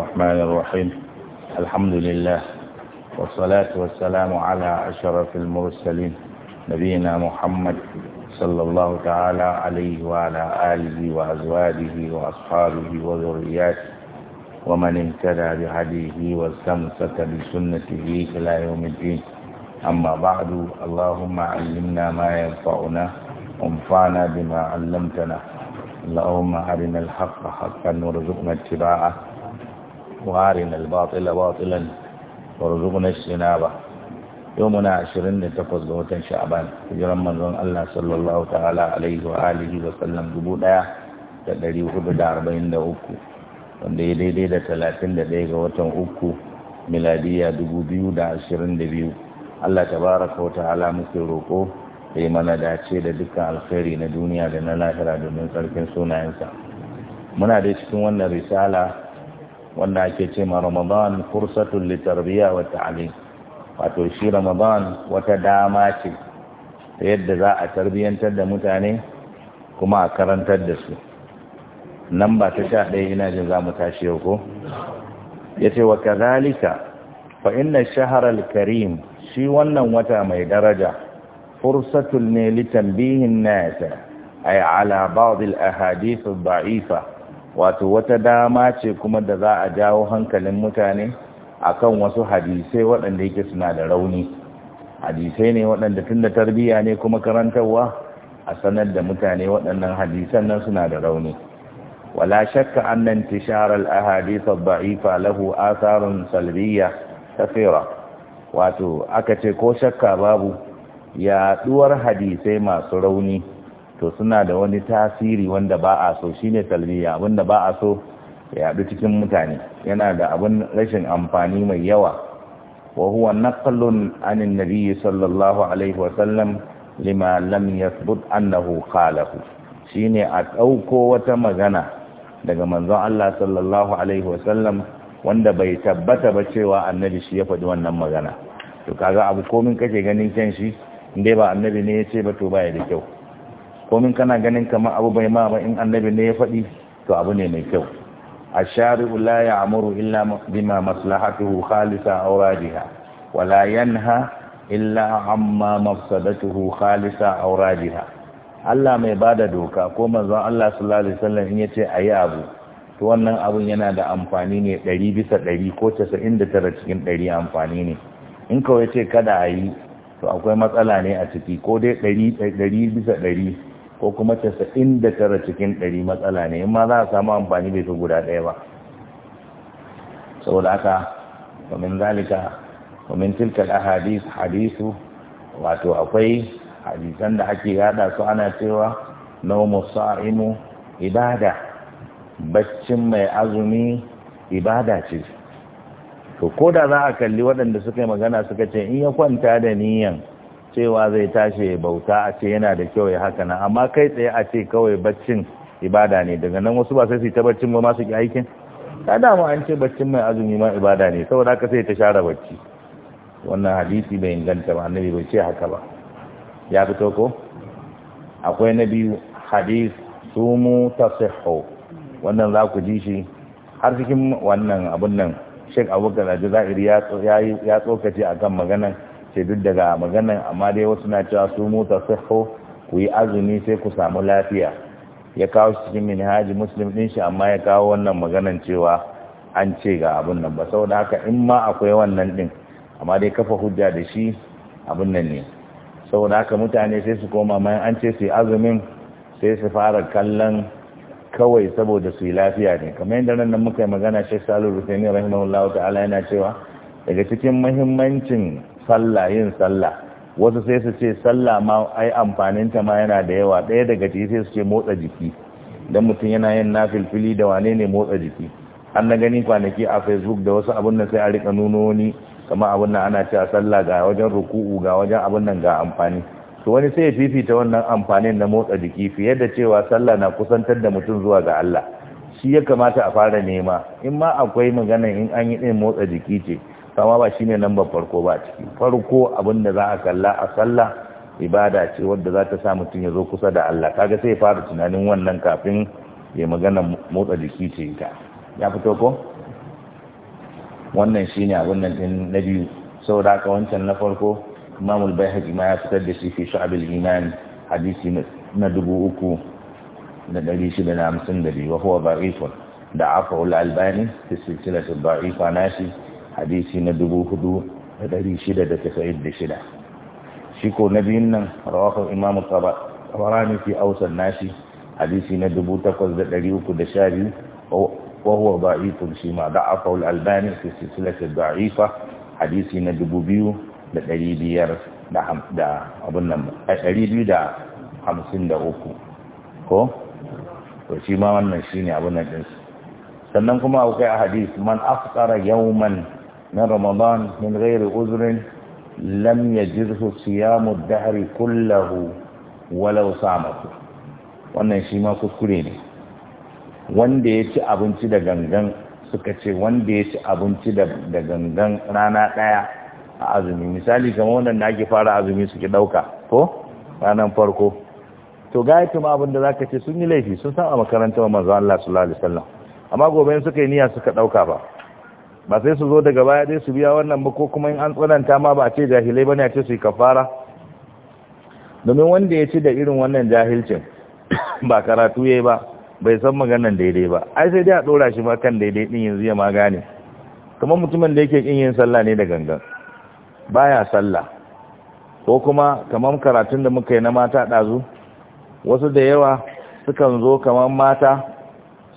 الرحمن الرحيم الحمد لله والصلاة والسلام على أشرف المرسلين نبينا محمد صلى الله تعالى عليه وعلى آله وأزواجه وأصحابه وذرياته ومن اهتدى بهديه واستمسك بسنته إلى يوم الدين أما بعد اللهم علمنا ما ينفعنا وانفعنا بما علمتنا اللهم أرنا الحق حقا وارزقنا اتباعه وارنا الباطل باطلا وارزقنا اجتنابه يومنا عشرين لتقوز watan شعبان hijiran manzon Allah sallallahu ta'ala alaihi wa alihi wa sallam dubu wanda ya daidai da talatin da ga watan uku miladiya dubu ashirin da Allah tabaraka wa ta'ala muke roko da mana dace da dukkan alkhairi na duniya da na lahira domin tsarkin sunayensa muna dai cikin wannan risala wanda ake ce ma ramadan fursatun litarbiya wa ta'alim wato shi ramadan wata dama ce ta yadda za a tarbiyyantar da mutane kuma a karantar da su nan ba ta sha ɗaya ina jin za mu tashi yau ko ya ce wa kazalika fa inna shaharar karim shi wannan wata mai daraja Fursatun ne litambihin nasa ay ala ba'd al ahadith daifa wato wata dama ce kuma da za a jawo hankalin mutane akan wasu hadisai waɗanda yake suna da rauni hadisai ne waɗanda tun da tarbiyya ne kuma karantarwa a sanar da mutane waɗannan hadisan nan suna da rauni wala shakka annan tishar al-ahadith ad-da'ifa lahu atharun salbiyya Fera wato aka ce ko shakka babu yaɗuwar hadisai masu rauni to suna da wani tasiri wanda ba a so shine talbiya wanda ba a so ya haɗu cikin mutane yana da abin rashin amfani mai yawa wa huwa naqlun anin nabiyyi sallallahu alaihi wa lima lam yathbut annahu qalahu shine a ɗauko wata magana daga manzon Allah sallallahu alaihi wa wanda bai tabbata ba cewa annabi shi ya faɗi wannan magana to kaga abu komin kake ganin kyan shi indai ba annabi ne ya ce ba to baya da kyau komin kana ganin kamar abu bai ma in annabi ne ya faɗi to abu ne mai kyau a الشارع لا يعمر إلا بما مصلحته خالصة أو راجحة ولا ينهى إلا عما مفسدته خالصة أو راجحة Allah mai bada doka ko manzo Allah sallallahu alaihi wasallam in yace ayi abu to wannan abun yana da amfani ne 100 bisa 100 ko 99 cikin 100 amfani ne in kawai ce kada ayi to akwai matsala ne a ciki ko dai 100 bisa 100 ko kuma casa'in da tara cikin ɗari matsala ne in ma za a samu amfani bai fi guda ɗaya ba saboda haka domin zalika, domin tilka da hadisu, wato akwai hadisan da ake yada su ana cewa naumu sa'imu ibada baccin mai azumi ibada ce to ko da za a kalli waɗanda suka yi magana suka ce in ya kwanta da niyan cewa zai tashi ya bauta a ce yana da kyau ya haka nan amma kai tsaye a ce kawai baccin ibada ne daga nan wasu ba sai su yi ta baccin ba ma su ki aikin ta dama an ce baccin mai azumi ma ibada ne saboda haka sai ta share bacci wannan hadisi bai inganta ba annabi bai ce haka ba ya fito ko akwai na biyu hadis sumu tasihhu wannan za ku ji shi har cikin wannan abun nan Sheikh Abubakar Ajazairi ya ya tsokace akan maganar sai duk daga maganan amma dai wasu na cewa su mota sahho ku yi azumi sai ku samu lafiya ya kawo shi cikin minhaji muslim din shi amma ya kawo wannan maganan cewa an ce ga abun nan ba saboda haka in ma akwai wannan din amma dai kafa hujja da shi abun nan ne saboda haka mutane sai su koma mai an ce su yi azumin sai su fara kallon kawai saboda su yi lafiya ne kamar yadda nan muka yi magana shi salu rufaini rahimahullahu ta'ala yana cewa daga cikin mahimmancin sallah yin sallah wasu sai su ce sallah ma ai amfaninta ma yana da yawa ɗaya daga ciki sai su ce motsa jiki don mutum yana yin nafilfili da wane ne motsa jiki an na gani kwanaki a facebook da wasu abin nan sai a rika nuno wani kama abin nan ana cewa sallah ga wajen ruku'u ga wajen abin nan ga amfani Su wani sai ya fifita wannan amfanin na motsa jiki fiye da cewa sallah na kusantar da mutum zuwa ga Allah shi ya kamata a fara nema in ma akwai magana in an yi ɗin motsa jiki ce kama ba shine lambar farko ba ciki farko abin da za a kalla a sallah ibada ce wadda za ta sa mutum ya zo kusa da Allah kaga sai ya fara tunanin wannan kafin ya magana motsa jiki ce ta ya fito ko wannan shine abin nan din na biyu saboda ka wancan na farko Imam al-Baihaqi ma ya fitar da shi fi Shu'abul Iman hadisi na dubu uku da shida da hamsin da biyu wa huwa al-Albani fi silsilati da'ifa nashi hadisi na dubu hudu da dari shida da tasa'id da shida shi ko na biyun nan rawakar imamu tabarani fi ausar nashi hadisi na dubu takwas da dari uku da sha biyu wahuwa ba'ifun shi ma da afawul albani fi silsilata da'ifa hadisi na dubu biyu da dari biyar da abun nan dari biyu da hamsin da uku ko to shi ma wannan shi shine abun nan ɗinsu sannan kuma akwai a hadisi man afkara yawman من رمضان من غير عذر لم يجره صيام الدهر كله ولو صامته wannan shi ma kuskure ne wanda ya ci abinci da gangan suka ce wanda ya ci abinci da gangan rana ɗaya a azumi misali kamar wannan da ake fara azumi suke ɗauka ko ranar farko to ga ma abin da zaka ce sun yi laifi sun san a makarantar manzo Allah sallallahu alaihi wasallam amma gobe suka yi niyya suka ɗauka ba ba sai su zo daga baya dai su biya wannan ba ko kuma in an tsananta ma ba a ce jahilai bane a ce su yi kafara domin wanda ya ci da irin wannan jahilcin ba karatu yayi ba bai san maganan daidai ba ai sai dai a dora shi ma kan daidai din yanzu ya ma gane kamar mutumin da yake kin yin sallah ne da gangan baya sallah ko kuma kamar karatun da muka yi na mata dazu wasu da yawa sukan zo kamar mata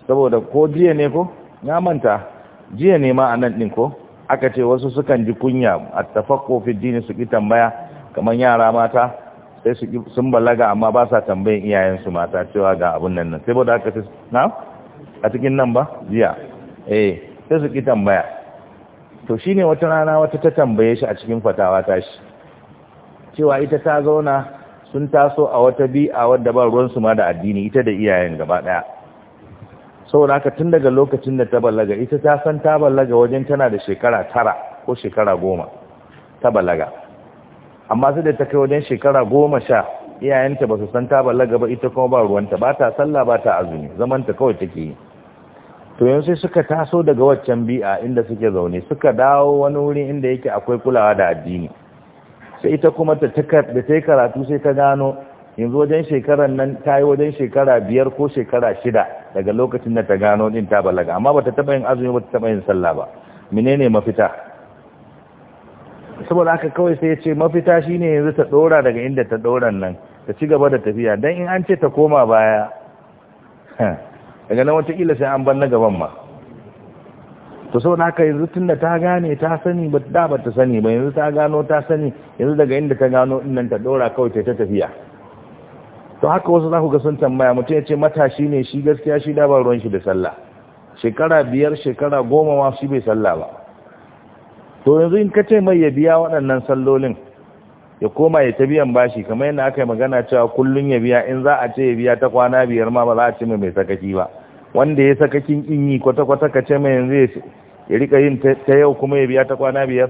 saboda ko jiya ne ko ya manta jiya ne ma a nan ɗin ko aka ce wasu sukan ji kunya a tafakko fi dini su ki tambaya kamar yara mata sai su sun balaga amma ba sa tambayin iyayensu mata cewa ga abun nan nan sai ba aka ce na a cikin nan ba jiya eh sai su ki tambaya to shine wata rana wata ta tambaye shi a cikin fatawa ta shi cewa ita ta zauna sun taso a wata bi'a wadda ba ruwansu ma da addini ita da iyayen gaba daya saboda haka tun daga lokacin da ta balaga ita ta san ta balaga wajen tana da shekara tara ko shekara goma ta balaga amma sai da ta kai wajen shekara goma sha iyayenta ba su san ta balaga ba ita kuma ba ruwanta ba ta sallah ba ta azumi zamanta kawai take yi to yanzu sai suka taso daga waccan bi'a inda suke zaune suka dawo wani wuri inda yake akwai kulawa da addini sai ita kuma ta da ta yi karatu sai ta gano yanzu wajen shekarar nan ta yi wajen shekara biyar ko shekara shida daga lokacin da ta gano din ta balaga amma ba ta taba yin azumi ba ta taba yin sallah ba menene mafita saboda haka kawai sai ya ce mafita shine yanzu ta dora daga inda ta dora nan ta ci gaba da tafiya dan in an ce ta koma baya daga nan kila sai an ban na gaban ma to saboda haka yanzu tun da ta gane ta sani ba da ba ta sani ba yanzu ta gano ta sani yanzu daga inda ta gano din nan ta ɗora kawai ta tafiya to haka wasu za ku ga sun tambaya mutum ya ce matashi ne shi gaskiya shi da ba ruwan shi da sallah shekara biyar shekara goma ma shi bai sallah ba to yanzu in ka ce mai ya biya waɗannan sallolin ya koma ya ta biyan bashi kamar yadda aka yi magana cewa kullum ya biya in za a ce ya biya ta kwana biyar ma ba za a ce mai sakaki ba wanda ya sakakin in yi kwata-kwata ka ce mai yanzu ya rika yin ta yau kuma ya biya ta kwana biyar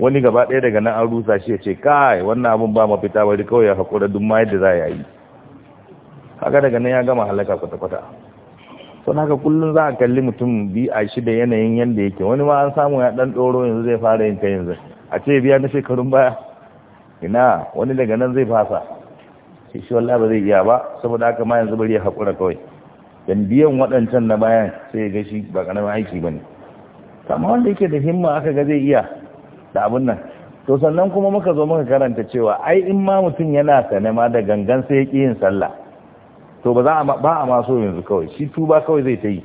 wani gaba ɗaya daga nan an rusa shi ya ce kai wannan abun ba mafita bari kawai ya haƙura duk ma yadda za a yi haka daga nan ya gama halaka kwata-kwata sun haka kullum za a kalli mutum bi a shi da yanayin yadda yake wani ma an samu ya ɗan ɗoro yanzu zai fara yin kai yanzu a ce biya na shekarun baya ina wani daga nan zai fasa shi shi wallah ba zai iya ba saboda haka ma yanzu bari ya haƙura kawai dan biyan waɗancan na bayan sai ya ga shi ba ƙaramin aiki ba ne amma wanda yake da himma aka ga zai iya da abin nan to sannan kuma muka zo muka karanta cewa ai in ma mutum yana sane ma da gangan sai ya ƙi yin sallah to ba za a ba a ma so yanzu kawai shi tuba kawai zai ta yi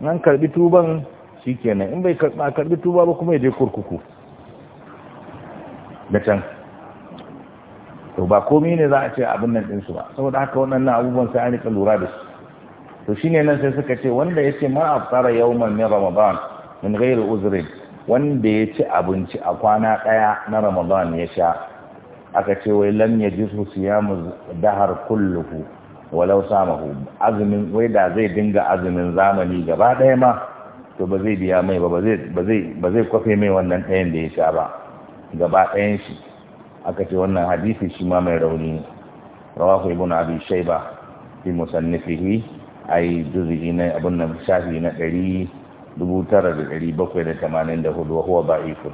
nan karbi tuban shikenan in bai karbi tuba ba kuma ya je kurkuku da can to ba komai ne za a ce abin nan ɗinsu ba saboda haka waɗannan abubuwan sai an rika lura da su to shine nan sai suka ce wanda yace ma afsara yawman min ramadan min ghairi uzrin wanda ya ci abinci a kwana ɗaya na ramadan ya sha aka ce wai lam ya ji su siya mu dahar kulluhu walau samahu azumin wai da zai dinga azumin zamani gaba ɗaya ma to ba zai biya mai ba ba zai kwafe mai wannan ɗayan da ya sha ba gaba ɗayan shi aka ce wannan hadisi shi ma mai rauni rawahu ibn abi shayba fi musannifihi Ai juz'i na abun nan shafi na ɗari 1784 wa huwa ba'ifun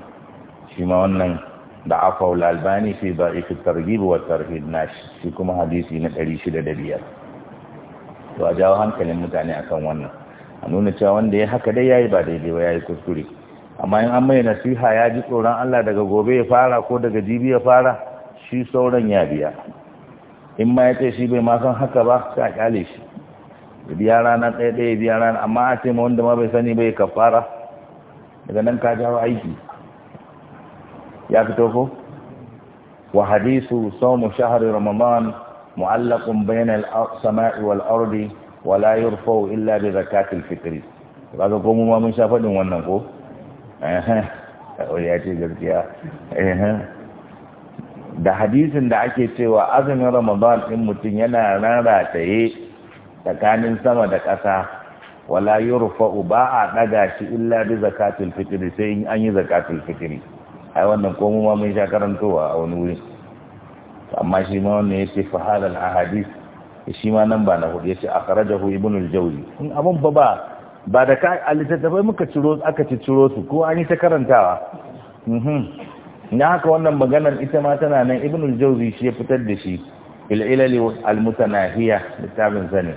shi ma wannan da afawul albani fi at targhib wa tarhib nash shi kuma hadisi na 605 to a jawo hankalin mutane akan wannan a nuna cewa wanda ya haka dai yayi ba daidai ba yayi kuskure amma in an mai nasiha ya ji tsoron Allah daga gobe ya fara ko daga jibi ya fara shi sauran ya biya in ma ya ce shi bai ma san haka ba sai a kyale shi biya rana ɗaya ɗaya biya rana amma a ce ma wanda ma bai sani bai kafara daga nan ka jawo aiki ya fito ko wa hadisu saumu shahari ramadan mu'allaqun bayna as-sama'i wal ardi wa la yurfa'u illa bi zakatil fitri kaga ko mu ma mun sha fadin wannan ko eh eh ya ce gaskiya eh da hadisin da ake cewa azumin ramadan din mutum yana yi. tsakanin sama da ƙasa wala yurfa'u ba a ɗaga shi illa bi zakatul fitri sai in an yi zakatul fitri ai wannan ko mu ma mun sha karantowa a wani wuri amma shi ma wannan yace fa hadal ahadith shi ma nan ba na hudu yace akhrajahu ibnu al-jawzi in abun ba ba ba da ka alittattafai muka ciro aka ci ciro su ko an yi ta karantawa mhm. na haka wannan maganar ita ma tana nan ibnu al-jawzi shi ya fitar da shi fil al-mutanahiya littafin ne.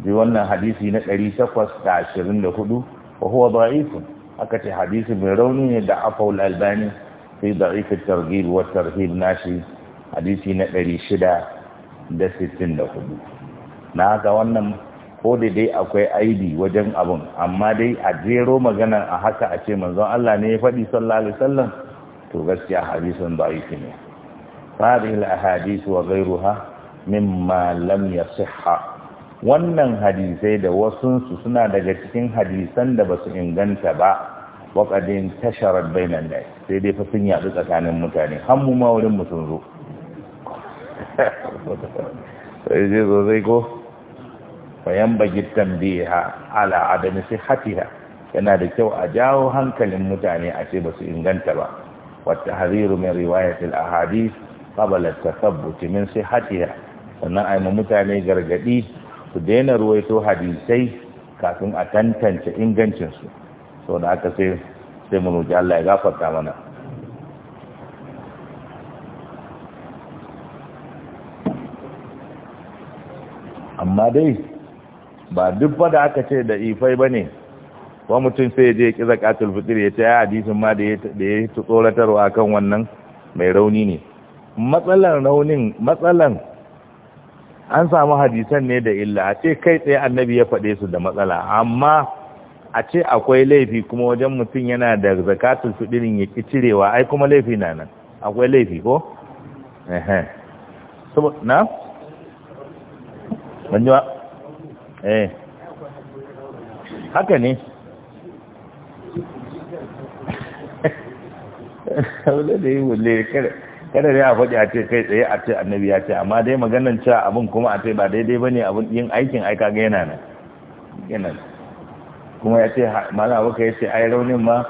ji wannan hadisi na 824 wa huwa da'ifun aka ce hadisi mai rauni ne da afaul albani sai da'if at-targhib wa tarhib nashi hadisi na 664 na haka wannan ko da dai akwai aidi wajen abun amma dai a jero magana a haka a ce manzon Allah ne ya faɗi sallallahu alaihi wasallam to gaskiya hadisin da'if ne ahadith wa ghayruha mimma lam yasihha wannan hadisai da wasunsu suna daga cikin hadisan da ba su inganta ba waƙadin tasharar bainan da sai dai fa sun yaɗu tsakanin mutane hannu ma wurin mutum zo sai zai zo zai bayan ala adami sai hatiha yana da kyau a jawo hankalin mutane a ce ba su inganta ba wata hariru mai riwayatul ahadis qabala tasabbuti min sihhatiha sannan ai mutane gargadi su daina ruwai ruwaito hadisai kafin a tantance ingancinsu sau da aka sai sai mu roƙi Allah ya gafarta mana amma dai ba duk ba da aka ce da ifai ba ne ba mutum sai ya je ya ƙi zakatul fitir ya ta yi hadisin ma da ya tsoratarwa kan wannan mai rauni ne matsalan raunin matsalan an samu hadisan ne da illa a ce kai tsaye annabi ya faɗe su da matsala amma a ce akwai laifi kuma wajen mutum yana da zakatul fidirin ya ƙi cirewa ai kuma laifi na nan akwai laifi ko? ehe na? banjuwa? eh haka ne wule da yi wule kare kada ya faɗi a ce kai tsaye a ce annabi ya ce amma dai maganan cewa abin kuma a ce ba daidai ba ne abin yin aikin aika ga yana nan yana kuma ya ce mana abuka ya ce ai raunin ma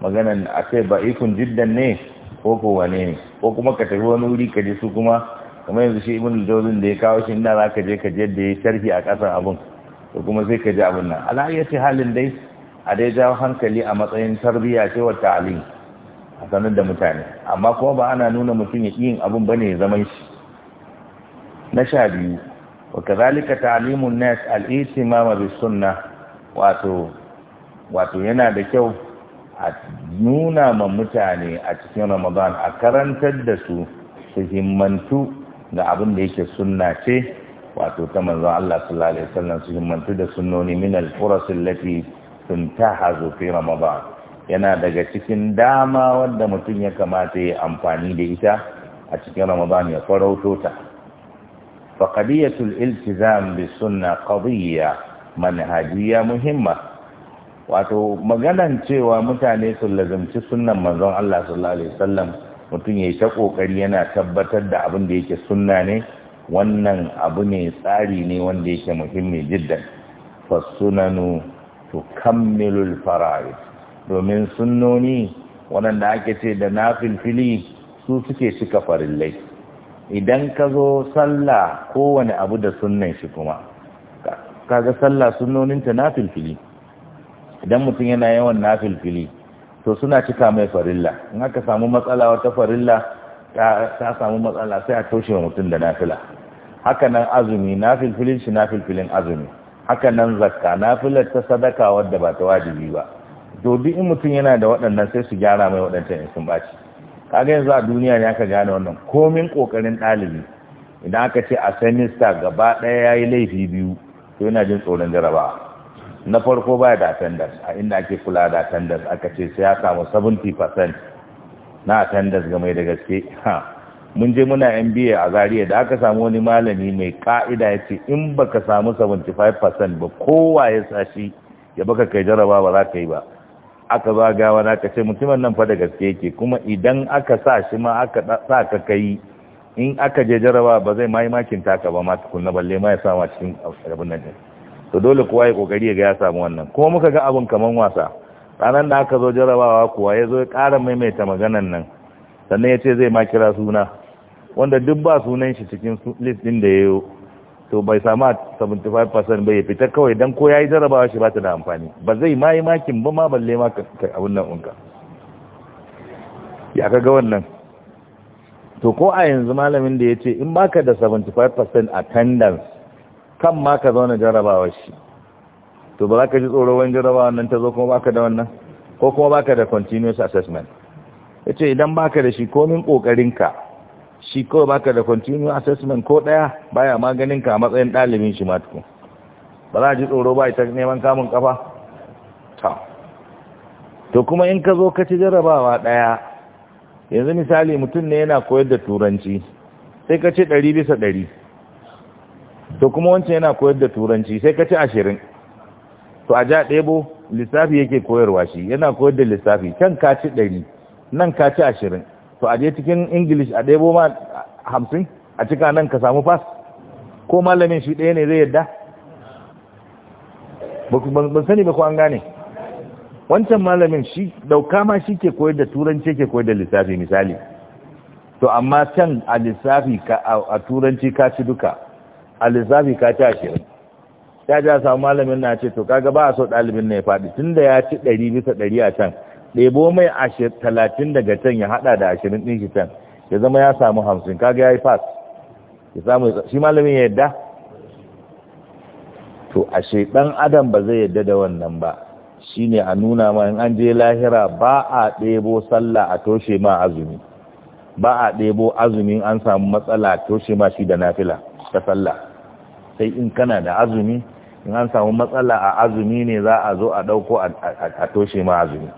maganan a ce ba ikon jiddan ne ko ko wane ne ko kuma ka tafi wani wuri ka je su kuma kamar yanzu shi ibn jawzin da ya kawo shi inda za ka je ka je da ya sharhi a ƙasan abin to kuma sai ka ji abin nan ala ya ce halin dai a dai jawo hankali a matsayin tarbiyya ce wa ta'alim a sanar da mutane amma kuma ba ana nuna mutum ya yin abun ne ya zaman shi na sha biyu wa ka zalika ta'limun nas al ma bis sunna wato wato yana da kyau a nuna ma mutane a cikin Ramadan a karantar da su su himmantu ga abin da yake sunna ce wato ta manzon Allah sallallahu alaihi wasallam su himmantu da sunnoni min al-furas allati tuntahazu fi Ramadan yana daga cikin dama wanda mutum ya kamata ya amfani da ita a cikin ramadan ya farauto ta fa qadiyatul iltizam bis sunna qadiyya manhajiyya muhimma wato maganan cewa mutane su lazumci sunnan manzon Allah sallallahu alaihi wasallam mutum yayi ta kokari yana tabbatar da abin da yake sunna ne wannan abu ne tsari ne wanda yake muhimmi jiddan sunanu tukammilul fara'id domin sunnoni waɗanda ake ce da nafilfili su suke cika farillai idan ka zo sallah kowane abu da sunnan shi kuma kaga sallah sunnoninta nafilfili idan mutum yana yawan nafilfili to suna cika mai farilla in aka samu matsala wata farilla ta samu matsala sai a toshe wa mutum da nafila haka nan azumi nafilfilin shi nafilfilin azumi hakanan nan zakka nafilar ta sadaka wadda ba ta wajibi ba dobi in mutum yana da waɗannan sai su gyara mai waɗancan in sun baci kaga yanzu a duniya ne aka gane wannan komin kokarin ɗalibi idan aka ce a semester gaba ɗaya ya yi laifi biyu to yana jin tsoron jarabawa na farko baya da attendance a inda ake kula da attendance aka ce sai ya samu 70% na attendance game da gaske mun je muna MBA a Zariya da aka samu wani malami mai ka'ida ya ce in baka samu 75% ba kowa ya sashi ya baka kai jaraba ba za ka yi ba aka gawa na ka ce mutumin nan fa da gaske yake kuma idan aka sa shi ma aka sa ka kai in aka je jarrabawa ba zai mai makin taka ba ma na balle ma ya sama cikin abin nan to dole kuwa ya kokari ya ga ya samu wannan kuma muka ga abun kaman wasa ranan da aka zo jarabawa kuwa ya zo ya kara maimaita maganan nan sannan ya ce zai ma kira suna wanda duk ba sunan shi cikin list ɗin da ya yi to bai samu 75% bai fita kawai dan ko yayi jarabawa shi ba ta da amfani ba zai ma yi makin ba ma balle ma abin nan unka ya kaga wannan to ko a yanzu malamin da ya ce in baka da 75% attendance kan ma ka zauna jarabawa shi to ba za ka ji tsoro wani jarabawa nan ta zo kuma baka da wannan ko kuma baka da continuous assessment ya ce idan baka da shi komin kokarinka shi kawai baka da continuous assessment ko daya baya maganin ka matsayin dalibin shi ma tukun ba za a ji tsoro ba ita neman kamun kafa ta to kuma in ka zo ka ci jarabawa daya yanzu misali mutum ne yana koyar da turanci sai ka ci ɗari bisa ɗari to kuma wancan yana koyar da turanci sai ka ci ashirin to a ja ɗebo lissafi yake koyarwa shi yana koyar da lissafi can ka ci ɗari nan ka ci ashirin to a je cikin english a ɗaya ma hamsin a cika nan ka samu fas ko malamin shi ɗaya ne zai yadda ban sani ba ko an gane wancan malamin shi dauka ma shi ke koyar da turanci ke koyar da lissafi misali to amma can a lissafi a turanci ka ci duka a lissafi ka ci ashirin ya ja samu malamin na ce to kaga ba a so ɗalibin na ya faɗi tun da ya ci ɗari bisa ɗari a can ɗebo mai talatin daga can ya haɗa da ashirin ɗin shi can ya zama ya samu hamsin kaga ya yi fas ya samu shi malamin ya yadda to ashe ɗan adam ba zai yadda da wannan ba shi ne a nuna ma in an je lahira ba a ɗebo sallah a toshe ma azumi ba a ɗebo azumin an samu matsala toshe ma shi da nafila ta sallah sai in kana da azumi in an samu matsala a azumi ne za a zo a ɗauko a toshe ma azumi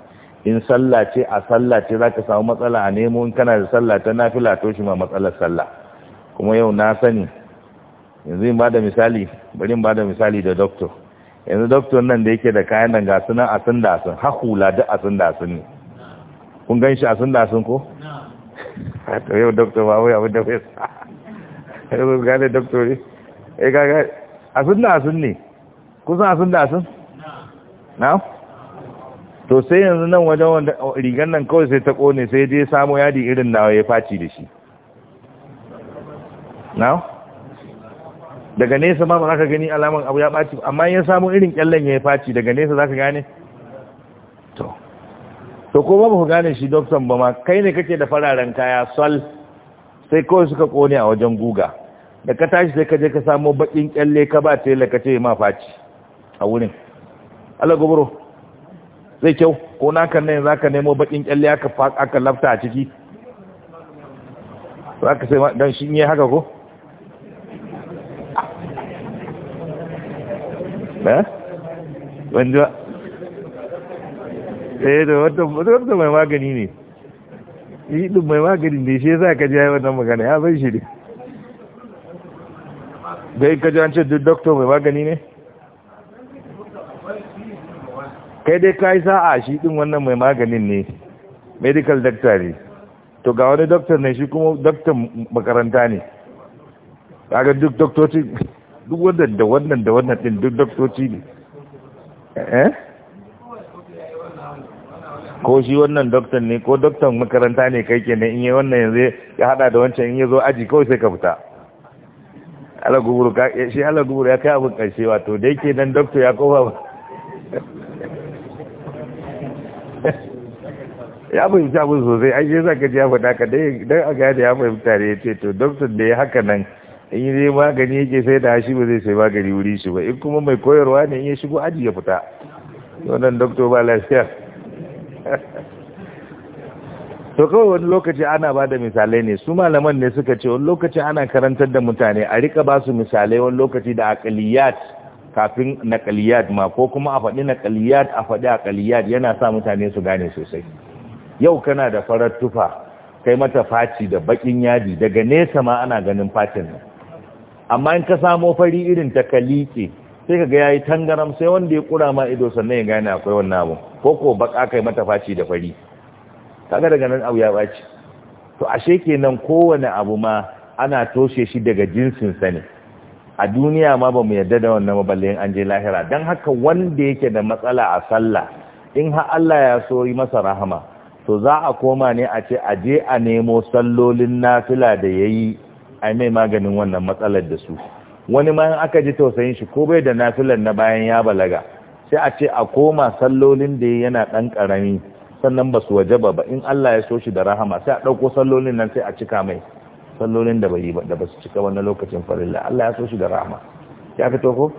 in sallah ce a sallah ce za ka samu matsala a nemo in kana da sallah ta nafila to shi ma matsalar sallah kuma yau na sani yanzu in bada misali bari in bada misali da doctor yanzu doctor nan da yake da kayan nan ga sunan asin da asin hakula duk asin da asin ne kun gan shi asin da asin ko to yau doctor ba wai abin da bai sa yau gane doctor ne eh ga asin da asin ne kusan asin da asin na'am to sai yanzu nan wajen rigar nan kawai sai ta kone sai je samo yadi irin nawa ya faci da shi Na daga nesa ma ba za ka gani alaman abu ya ɓaci amma ya samu irin kyallon ya faci daga nesa za ka gane to to ko ku gane shi doktan ba ma kai ne kake da fararen kaya sol sai kawai suka kone a wajen guga da ka tashi sai ka je ka samo bakin kyalle ka ba ta ka lakace ma faci a wurin ala zai kyau ko naka ne za ka nemo bakin kyalle aka lafta a ciki za ka sai don shi ne haka ko? eh? wanjuwa eh da wata mai magani ne yi ɗin mai magani ne shi za ka jiya wannan magana ya zai shi ne bai ka an ce duk doktor mai magani ne? kai dai ka yi sa'a shi ɗin wannan mai maganin ne medical doctor ne to ga wani doctor ne shi kuma doctor makaranta ne kaga duk doktoci duk wannan da wannan da wannan ɗin duk doktoci ne eh ko shi wannan doctor ne ko doctor makaranta ne kai kenan in yi wannan yanzu ya hada da wancan in ya zo aji kawai sai ka fita ala ya kai abin karshe wato da yake nan doktor ya kofa ya fahimci mun sosai ai sai zaka ji ya faɗa ka dai dan a da ya fahimta ya yace to doctor da ya haka nan in yi magani yake sai da shi ba zai sai magani wuri shi ba in kuma mai koyarwa ne in ya shigo aji ya fita wannan doctor ba lafiya to kawai wani lokaci ana ba da misalai ne su malaman ne suka ce wani lokaci ana karantar da mutane a rika ba su misalai wani lokaci da akaliyat kafin nakaliyat ma ko kuma a faɗi nakaliyat a faɗi akaliyat yana sa mutane su gane sosai yau kana da farar tufa kai mata faci da bakin yadi daga nesa ma ana ganin facin nan amma in ka samo fari irin ta kalike sai ka ga yayi tangaram sai wanda ya kura ma ido sannan ya gane akwai wannan abu ko ko baka kai mata faci da fari kaga daga nan abu ya baci to ashe kenan kowane abu ma ana toshe shi daga jinsin sa ne a duniya ma ba mu yarda da wannan maballin an je lahira dan haka wanda yake da matsala a sallah in har Allah ya so yi masa rahama to za a koma ne a ce a je a nemo sallolin nafila da ya yi a mai maganin wannan matsalar da su wani ma aka ji tausayin shi ko bai da nafilar na bayan ya balaga sai a ce a koma sallolin da yana ɗan ƙarami sannan ba su waje ba in Allah ya so shi da rahama sai a ɗauko sallolin nan sai a cika mai sallolin da bai yi ba da ba su cika wannan lokacin farilla Allah ya so shi da rahama ya fito ko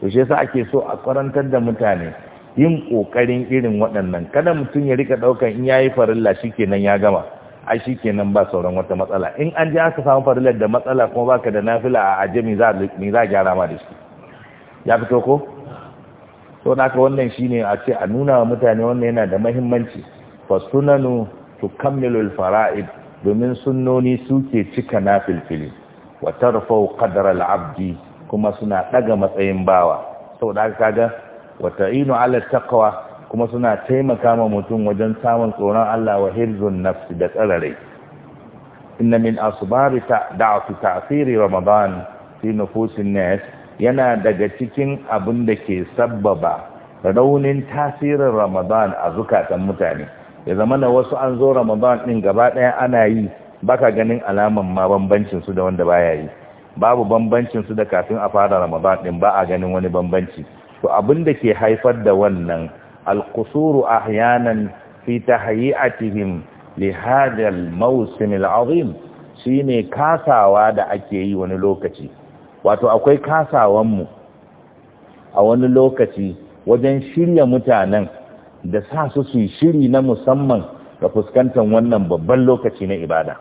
to shi yasa ake so a karantar da mutane yin ƙoƙarin irin waɗannan kada mutum ya rika ɗaukar in ya yi farilla shi kenan ya gama a shi kenan ba sauran wata matsala in an ji aka samu farillar da matsala kuma ba ka da nafila a aje me za a gyara ma da shi ya fito ko na ka wannan shine a ce a nuna wa mutane wannan yana da mahimmanci fasunanu kammilu fara'id domin sunnoni suke cika nafilfili wa tarfau qadra abdi kuma suna ɗaga matsayin bawa Sau aka ga. wa ta'inu ala kuma suna taimaka ma mutum wajen samun tsoron Allah wa hirzun nafsi da tsararai inna min asbari ta'siri ramadan fi nufusin nas yana daga cikin abin da ke sabbaba raunin tasirin ramadan a zukatan mutane ya zama na wasu an zo ramadan din gaba ɗaya ana yi baka ganin alaman ma bambancin su da wanda baya yi babu bambancin su da kafin a fara ramadan din ba a ganin wani bambanci to abin da ke haifar da wannan alqusuru ahyanan fi tahyi'atihim li hadha al-mawsim al shine kasawa da ake yi wani lokaci wato akwai kasawan mu a wani lokaci wajen shirya mutanen da sa su su shiri na musamman ga fuskantar wannan babban lokaci na ibada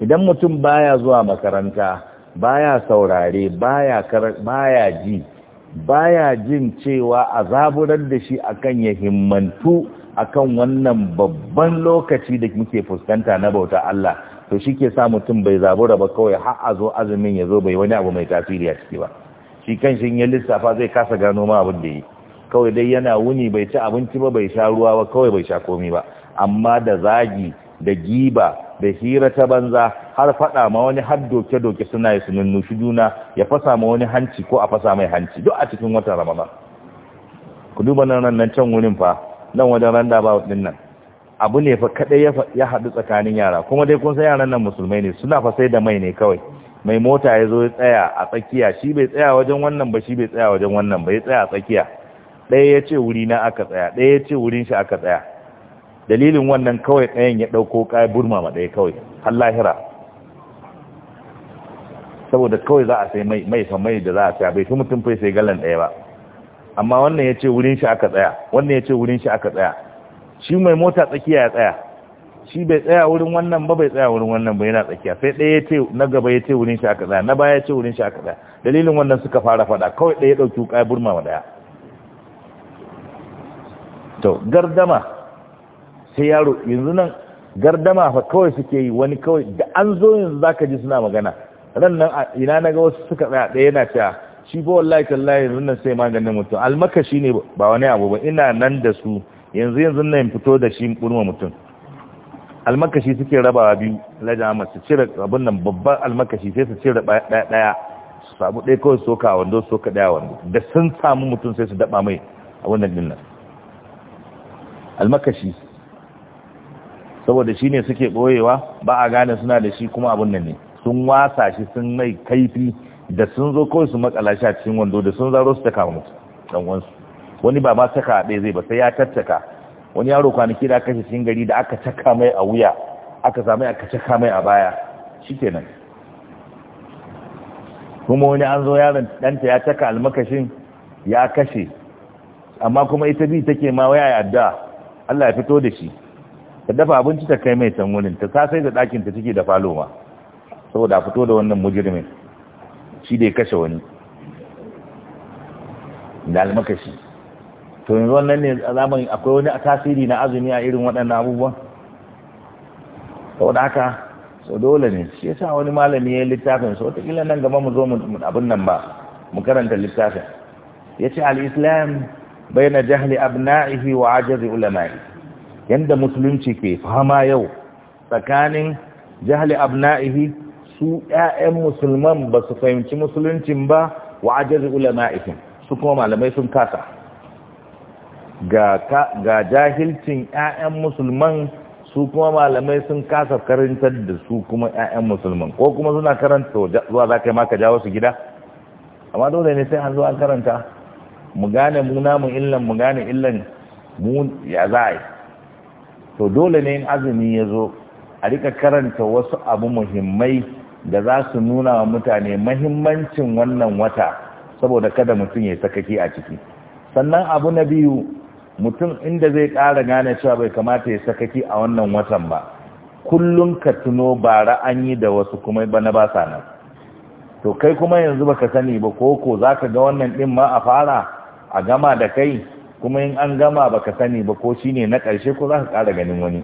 idan mutum baya zuwa makaranta baya saurare baya baya ji baya jin cewa a zaburar da shi akan ya himmantu akan wannan babban lokaci da muke fuskanta na bauta Allah to shi ke sa mutum bai zabura ba kawai har a zo azumin ya zo bai wani abu mai tasiri a ciki ba shi kan shi ya lissafa zai kasa gano ma abin da yi kawai dai yana wuni bai ci abinci ba bai sha ruwa ba kawai bai sha komi ba amma da zagi da giba da hira ta banza har faɗa ma wani har doke-doke suna yi sunan nushi juna ya fasa ma wani hanci ko a fasa mai hanci duk a cikin watan ramadan ku duba nan nan can wurin fa nan wajen da ba din nan abu ne fa kadai ya haɗu tsakanin yara kuma dai kun san yaran nan musulmai ne suna fa sai da mai ne kawai mai mota ya zo ya tsaya a tsakiya shi bai tsaya wajen wannan ba shi bai tsaya wajen wannan ba ya tsaya a tsakiya ɗaya ya ce wuri na aka tsaya ɗaya ya ce wurin shi aka tsaya dalilin wannan kawai ɗayan ya ɗauko ƙayar burma ma ɗaya kawai har lahira saboda kawai za a sai mai mai fa mai da za a sai bai fi mutum fai sai galan ɗaya ba amma wannan ya ce wurin shi aka tsaya wannan ya ce wurin shi aka tsaya shi mai mota tsakiya ya tsaya shi bai tsaya wurin wannan ba bai tsaya wurin wannan ba yana tsakiya sai ɗaya ya ce na gaba ya ce wurin shi aka tsaya na baya ya ce wurin shi aka tsaya dalilin wannan suka fara faɗa kawai ɗaya ya ɗauki wuƙa burma ma ɗaya to gardama sai yaro yanzu nan gardama fa kawai suke yi wani kawai da an zo yanzu zaka ji suna magana ran nan ina na ga wasu suka tsaya ɗaya yana cewa shi ba wallahi tallahi yanzu nan sai maganin mutum almakashi ne ba wani abu ba ina nan da su yanzu yanzu nan fito da shi kurma mutum almakashi suke rabawa biyu lajama su cire abin nan babban almakashi sai su cire ɗaya ɗaya su samu ɗaya kawai soka wando soka ɗaya wando da sun samu mutum sai su daɓa mai a wannan ɗin almakashi saboda shi ne suke ɓoyewa ba a gane suna da shi kuma abin nan ne sun wasa shi sun mai kaifi da sun zo kawai su matsala shi a cikin wando da sun zaro su taka mutu dan wansu wani ba ma saka ɗaya zai ba sai ya tattaka wani yaro kwanaki da kashe cikin gari da aka caka mai a wuya aka samu aka caka mai a baya shikenan kuma wani an zo yaron ɗanta ya caka almakashin ya kashe amma kuma ita bi take ma waya addu'a. Allah ya fito da shi ta dafa abinci ta kai mai can wurin ta sai da ɗakin ta take da falo ma saboda fito da wannan mujirmin shi da ya kashe wani da almakashi to yanzu wannan ne a zamani akwai wani a tasiri na azumi a irin waɗannan abubuwan saboda haka so dole ne shi yasa wani malami ya yi littafin so wataƙila nan gaba mu zo mu abin nan ba mu karanta littafin ya ce al-islam bai na jahli abna'ihi wa ajazi ulama'i yanda musulunci ke fama yau tsakanin jahali abna'ihi su ƴaƴan musulman ba su fahimci musuluncin ba wa ajaz ulama'ihin su kuma malamai sun kasa ga jahilcin ƴaƴan musulman su kuma malamai sun kasa karantar da su kuma ƴaƴan musulman ko kuma suna karanta zuwa za ka yi maka jawo su gida amma dole ne sai an zuwa an karanta mu gane mu illan mu gane illan mu ya za a yi to dole ne azumi ya zo a rika karanta wasu abu muhimmai da za su nuna wa mutane mahimmancin wannan wata saboda kada mutum ya sakaki a ciki sannan abu na biyu mutum inda zai ƙara gane cewa bai kamata ya sakaki a wannan watan ba kullum ka tuno bara an yi da wasu kuma ba na basa nan to kai kuma yanzu ba ka sani ba ko ko za ka ga wannan ɗin ma a fara a gama da kai kuma in an gama baka sani ba ko shine na ƙarshe ko za ka ƙara ganin wani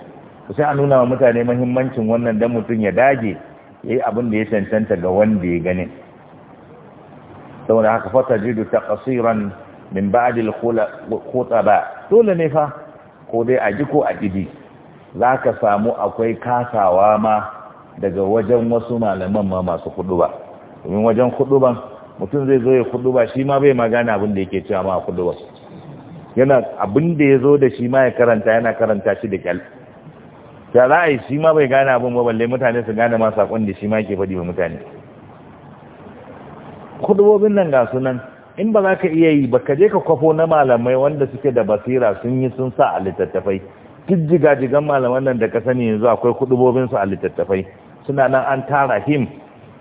to sai a nuna wa mutane mahimmancin wannan dan mutum ya dage yayi abin da ya cancanta ga wanda ya gane saboda haka fata jidu qasiran min ba'd al-khutaba dole ne fa ko dai a ji ko a gidi za ka samu akwai kasawa ma daga wajen wasu malaman ma masu kuduba domin wajen kuduban mutum zai zo ya kuduba shi ma bai magana abin da yake cewa ma kuduba yana abin da ya zo da shi ma ya karanta yana karanta shi da kyal Ya za a yi shi ma bai gane abin ba balle mutane su gane ma saƙon da shi ma ke faɗi wa mutane kudubobin nan ga sunan in ba za ka iya yi ba ka je ka kwafo na malamai wanda suke da basira sun yi sun sa a littattafai duk jigajigan malaman nan da ka sani yanzu akwai kudubobin a littattafai suna nan an tara him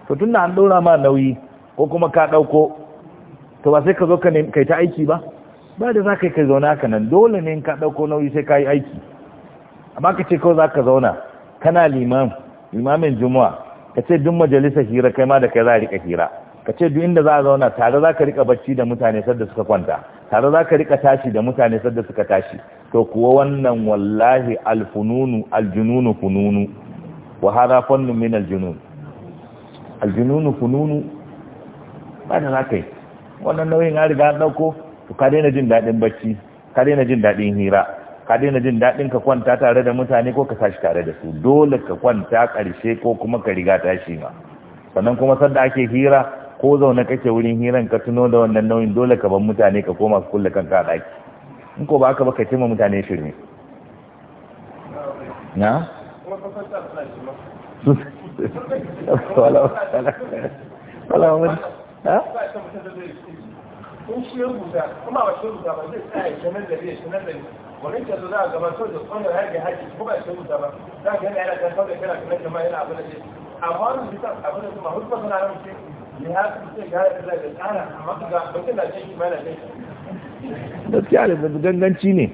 to tun da an ɗora ma nauyi ko kuma ka ɗauko to ba sai ka zo ka yi ta aiki ba ba da za ka yi ka zauna ka nan dole ne ka ɗauko nauyi sai ka yi aiki amma ka ce kawai za ka zauna kana liman limamin juma'a ka ce duk majalisa hira kai ma da kai za a riƙa hira ka ce duk inda za a zauna tare za ka riƙa bacci da mutane sadda suka kwanta tare za ka riƙa tashi da mutane sadda suka tashi to kuwa wannan wallahi alfununu aljununu fununu wa hada fannun min aljunun aljununu fununu ba da za ka yi wannan nauyin ya riga an ɗauko to ka daina jin daɗin bacci ka daina jin daɗin hira ka daina jin daɗin ka kwanta tare da mutane ko ka tashi tare da su dole ka kwanta ƙarshe ko kuma ka riga tashi ma sannan kuma sanda ake hira ko zaune kake wurin hiran ka tuno da wannan nauyin dole ka bar mutane ka koma kulle kanka a ɗaki in ko ba haka ba ka cimma mutane shirme na? wala wani in shi ya rubuta kuma ba shi rubuta ba zai tsaya sanar da zai sanar da ni wannan kyazo za a gabatar da kwanar haƙi haƙi ko ba shi rubuta ba za ka yana yana kan kawai kana kamar jama'a yana abu da zai amma wani rubuta abin da kuma hulɓar suna nan ce ya haɗu sai ga haɗu da tsara amma ka ga mutum na jin kima yana jin gaskiya da ganganci ne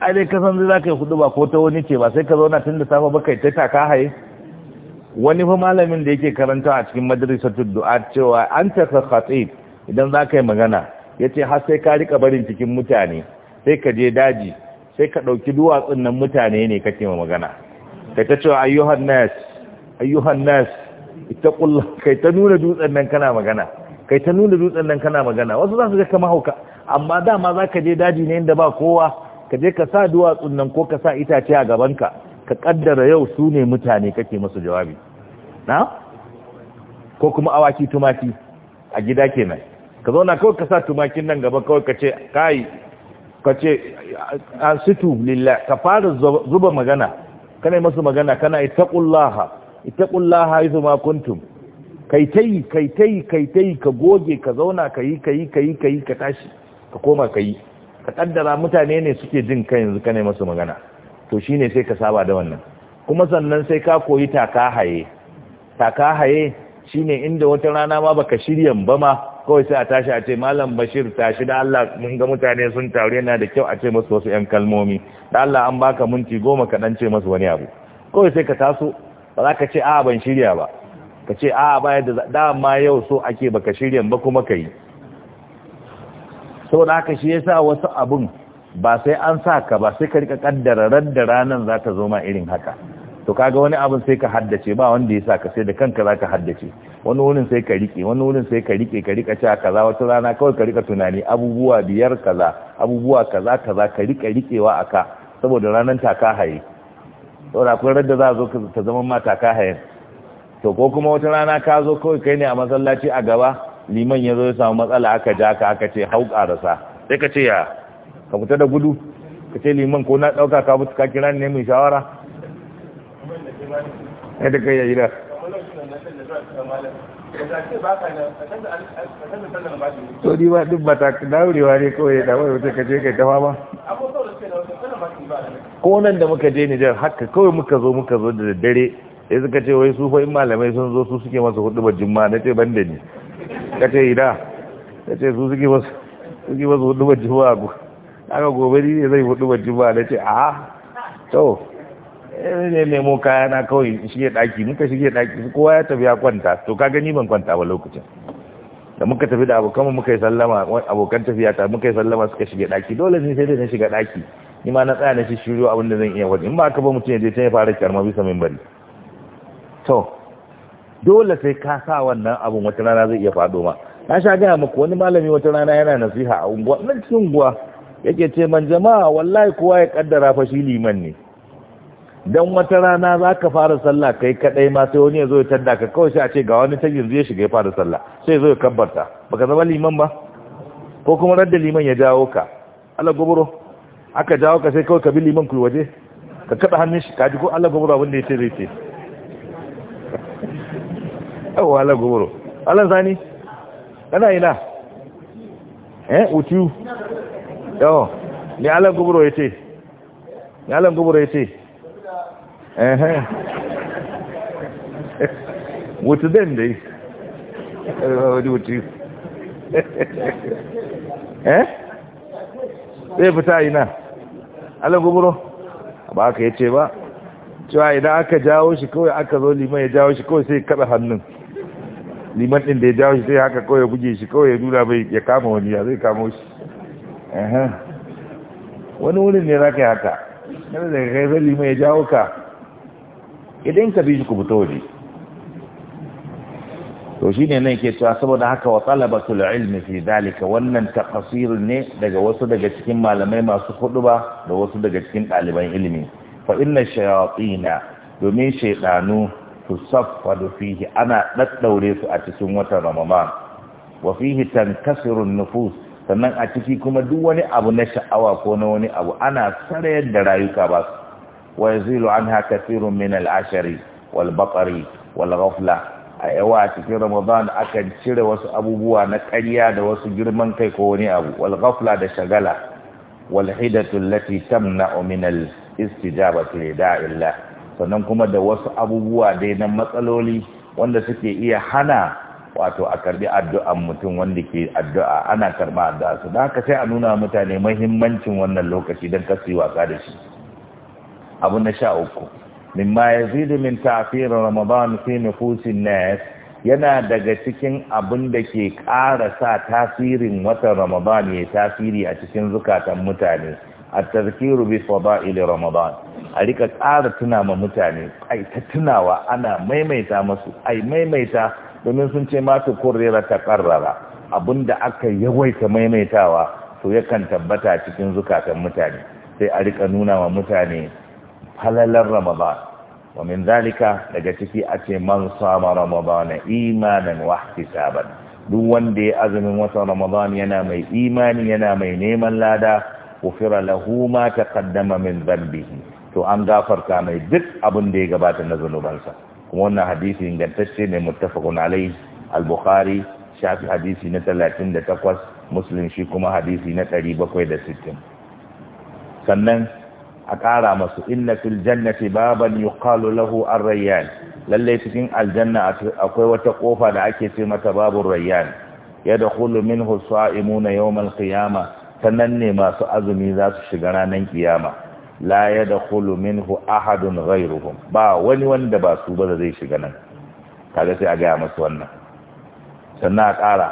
ai dai kasan za ka yi hudu ba ko ta wani ce ba sai ka zauna tun da safe ba kai ta taka haye wani fa malamin da yake karanta a cikin madrasatul du'a cewa an ta khatib idan za ka yi magana Ya ce har sai ka rika barin cikin mutane sai ka je daji sai ka ɗauki duwatsun nan mutane ne kake ma magana kai ta cewa ayyuhan nas ita nas kai ta nuna dutsen nan kana magana kai ta nuna dutsen nan kana magana wasu za su ga kama hauka amma dama za ka je daji ne inda ba kowa ka je ka sa duwatsun nan ko ka sa itace a gabanka ka kaddara yau su ne mutane kake masu jawabi na ko kuma awaki tumaki a gida kenan ka zauna kawai ka sa tumakin nan gaba kawai ka ce kai ka ce situ lillah ka fara zuba magana kana yi masu magana kana itaqullaha itaqullaha zuma kuntum kai tai kai yi kai yi ka goge ka zauna ka yi ka yi ka tashi ka koma ka yi ka kaddara mutane ne suke jin kai yanzu kana yi masu magana to shine sai ka saba da wannan kuma sannan sai ka koyi taka haye taka haye shine inda wata rana ma baka shirya ba ma kawai sai a tashi a ce malam bashir tashi da Allah mun ga mutane sun taru yana da kyau a ce musu wasu yan kalmomi da Allah an baka minti goma ka ce musu wani abu kawai sai ka taso ba za ka ce a ban shirya ba ka ce a ba yadda dama yau so ake baka shirya ba kuma ka yi. so da haka shi ya sa wasu abun ba sai an sa ka ba sai ka rika kaddara ran da ranan za ta zo ma irin haka to kaga wani abin sai ka haddace ba wanda ya sa ka sai da kanka za ka haddace wani wurin sai ka rike wani wurin sai ka rike ka rika cewa kaza wata rana kawai ka rika tunani abubuwa biyar kaza abubuwa kaza kaza ka rika rikewa aka saboda ranar taka haye saboda akwai radda za a zo ta zama ma taka haye to ko kuma wata rana ka zo kawai kai ne a masallaci a gaba liman ya zo ya samu matsala aka ja ka aka ce hau karasa sai ka ce ya ka fita da gudu ka ce liman ko na ɗauka ka fita ka kira ne mai shawara ya da kai ya yi da to ni ba duk ta daurewa ne kawai ya dawo wata kaje kai dawa ba ko nan da muka je Nijar haka kawai muka zo muka zo da daddare ya suka ce wai su fa in malamai sun zo su suke masa hudu ba jimma na ce ban da ni ka ce ida ka ce su suke masa suke masa hudu ba A aka gobe ne zai hudu ba jimma na ce a to Eh, ne nemo kaya na kawai shige daki muka shige daki kowa ya tafi ya kwanta to ka gani ban kwanta ba lokacin da muka tafi da abokan mu muka yi sallama abokan tafiya ta muka yi sallama suka shige daki dole ne sai dai na shiga daki ni ma na tsaya na shi shiru abin da zan iya wani in ba ka ba mutum ya je can ya fara karma bisa mimbari to dole sai ka sa wannan abun wata rana zai iya fado ma na sha gaya muku wani malami wata rana yana nasiha a unguwa nan cikin unguwa yake ce man jama'a wallahi kowa ya kaddara fa shi liman ne dan wata rana za ka fara sallah kai kadai ma sai wani ya zo ya tada ka kawai sai a ce ga wani ta yanzu ya shiga ya fara sallah sai ya zo ya kabbarta ba ka zama liman ba ko kuma radda liman ya jawo ka Allah gobro aka jawo ka sai kawai ka bi liman ku waje ka kada hannun shi kaji ko Allah gobro abin da ya ce zai ce yawa Allah gobro Allah zani kana ina eh utiu yawa ni Allah gobro ya ce ni Allah gobro ya ce ehe wutu den dai wani wutu eh zai fita ina alan guburo ba aka yace ba cewa idan aka jawo shi kawai aka zo liman ya jawo shi kawai sai kada hannun liman din da ya jawo shi sai haka kawai ya buge shi kawai ya dura bai ya kama wani ya zai kama shi wani wurin ne za ka yi haka yana daga kai sai liman ya jawo ka idan ka bi shi ku fito waje to shi ne nan ke cewa saboda haka wa talabatul ilmi fi dalika wannan taqsir ne daga wasu daga cikin malamai masu ba da wasu daga cikin ɗaliban ilimi fa inna shayatina domin su tusaffadu fihi ana daddaure su a cikin wata ramama. wa fihi tankasiru nufus sannan a ciki kuma duk wani abu na sha'awa ko na wani abu ana sarayar da rayuka ba su ويزيل عنها كثير من العشر والبقر والغفلة a yawa a cikin ramadan akan cire wasu abubuwa na ƙarya da wasu girman kai ko wani abu wal ghafla da shagala wal hidatu allati tamna'u min al istijabati li da'illah sannan kuma da wasu abubuwa dai na matsaloli wanda suke iya hana wato a karbi addu'an mutum wanda ke addu'a ana karba addu'a su da haka sai a nuna mutane muhimmancin wannan lokaci don kasu yi wasa da shi abu na sha uku mimma zidu min tafiyar ramadan fi nufusin nas yana daga cikin abin da ke ƙara sa tasirin watan ramadan ya tasiri a cikin zukatan mutane a tazkiru bi fada'il ramadan a rika ƙara tuna ma mutane ai ta tunawa ana maimaita masu ai maimaita domin sun ce masu kurera kurrera ta karrara da aka yawaita maimaitawa to yakan tabbata cikin zukatan mutane sai a rika nuna wa mutane falalar ramadan wa min zalika daga ciki a ce man sama ramadana imanan wa ihtisaban duk wanda ya azumin watan ramadan yana mai imani yana mai neman lada kufira lahu ma taqaddama min dhanbihi to an gafarta mai duk abin da ya gabata na zunubansa kuma wannan hadisi ingantacce ne muttafaqun alai al-bukhari shafi hadisi na 38 muslim Musulunci kuma hadisi na ɗari da sittin sannan a ƙara masu inna fil jannati baban yuqalu lahu ar-rayyan lalle cikin aljanna akwai wata kofa da ake ce mata babur rayyan yadkhulu minhu sa'imuna yawmal qiyamah sanan ne masu azumi za su shiga ranar kiyama la yadkhulu minhu ahadun ghayruhum ba wani wanda ba su ba zai shiga nan kaga sai a ga masu wannan sannan a ƙara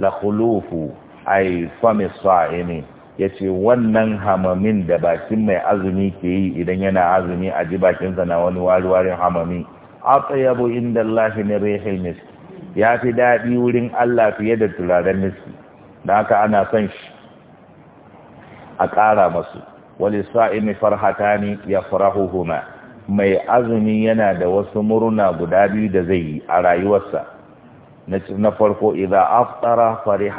la khulufu ay fami sa'imi ya ce wannan hamamin da bakin mai azumi ke yi idan yana azumi a ji bakinsa na wani wari-warin hamami a tsayabu inda lafi ne rehel miski ya fi daɗi wurin Allah fiye da turaren miski da haka ana son shi a ƙara masu Wani wali farhata ne ya farahuhuna mai azumi yana da wasu murna guda biyu da zai yi a rayuwarsa na farko idan aftara fari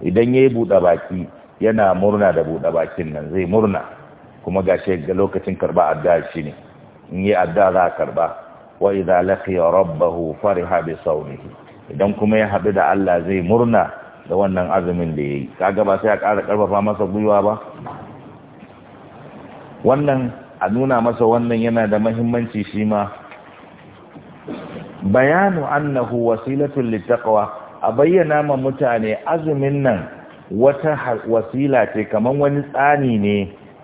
idan ya yi buɗe baki yana murna da buɗe bakin nan zai murna kuma ga shi lokacin karba adda shi ne in yi adda za a karba wa ya rabba hu fari haɓe sawmihi idan kuma ya haɗu da Allah zai murna da wannan azumin da ya yi kaga ba sai a ƙara karfafa masa gwiwa ba wannan a nuna masa wannan yana da mahimmanci shi ma bayanu annahu wasilatul litaqwa a bayyana ma mutane azumin nan wata wasila ce kamar wani tsani ne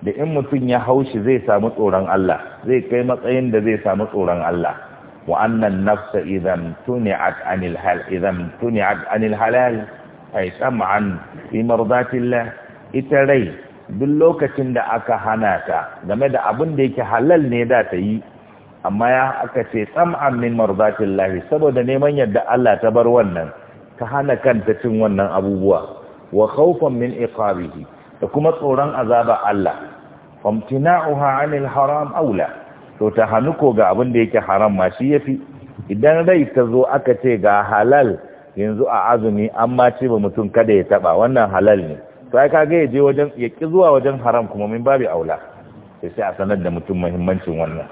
da in mutum ya haushi zai samu tsoron Allah zai kai matsayin da zai samu tsoron Allah wa annan nafsa idan tuni'at anil hal idan tuni'at anil halal ay sam'an fi mardatillah ita rai duk lokacin da aka hana ta game da abin da yake halal ne da ta yi amma ya aka ce sam'an min mardatillah saboda neman yadda Allah ta bar wannan ta hana kanta cin wannan abubuwa wa khawfan min iqabihi da kuma tsoron azaba Allah famtina'uha 'anil haram aula to ta ko ga abin da yake haram ma shi yafi idan rai ta zo aka ce ga halal yanzu a azumi amma ce ba mutum kada ya taba wannan halal ne to ai kage ya je wajen ya ki zuwa wajen haram kuma min babu aula sai a sanar da mutum muhimmancin wannan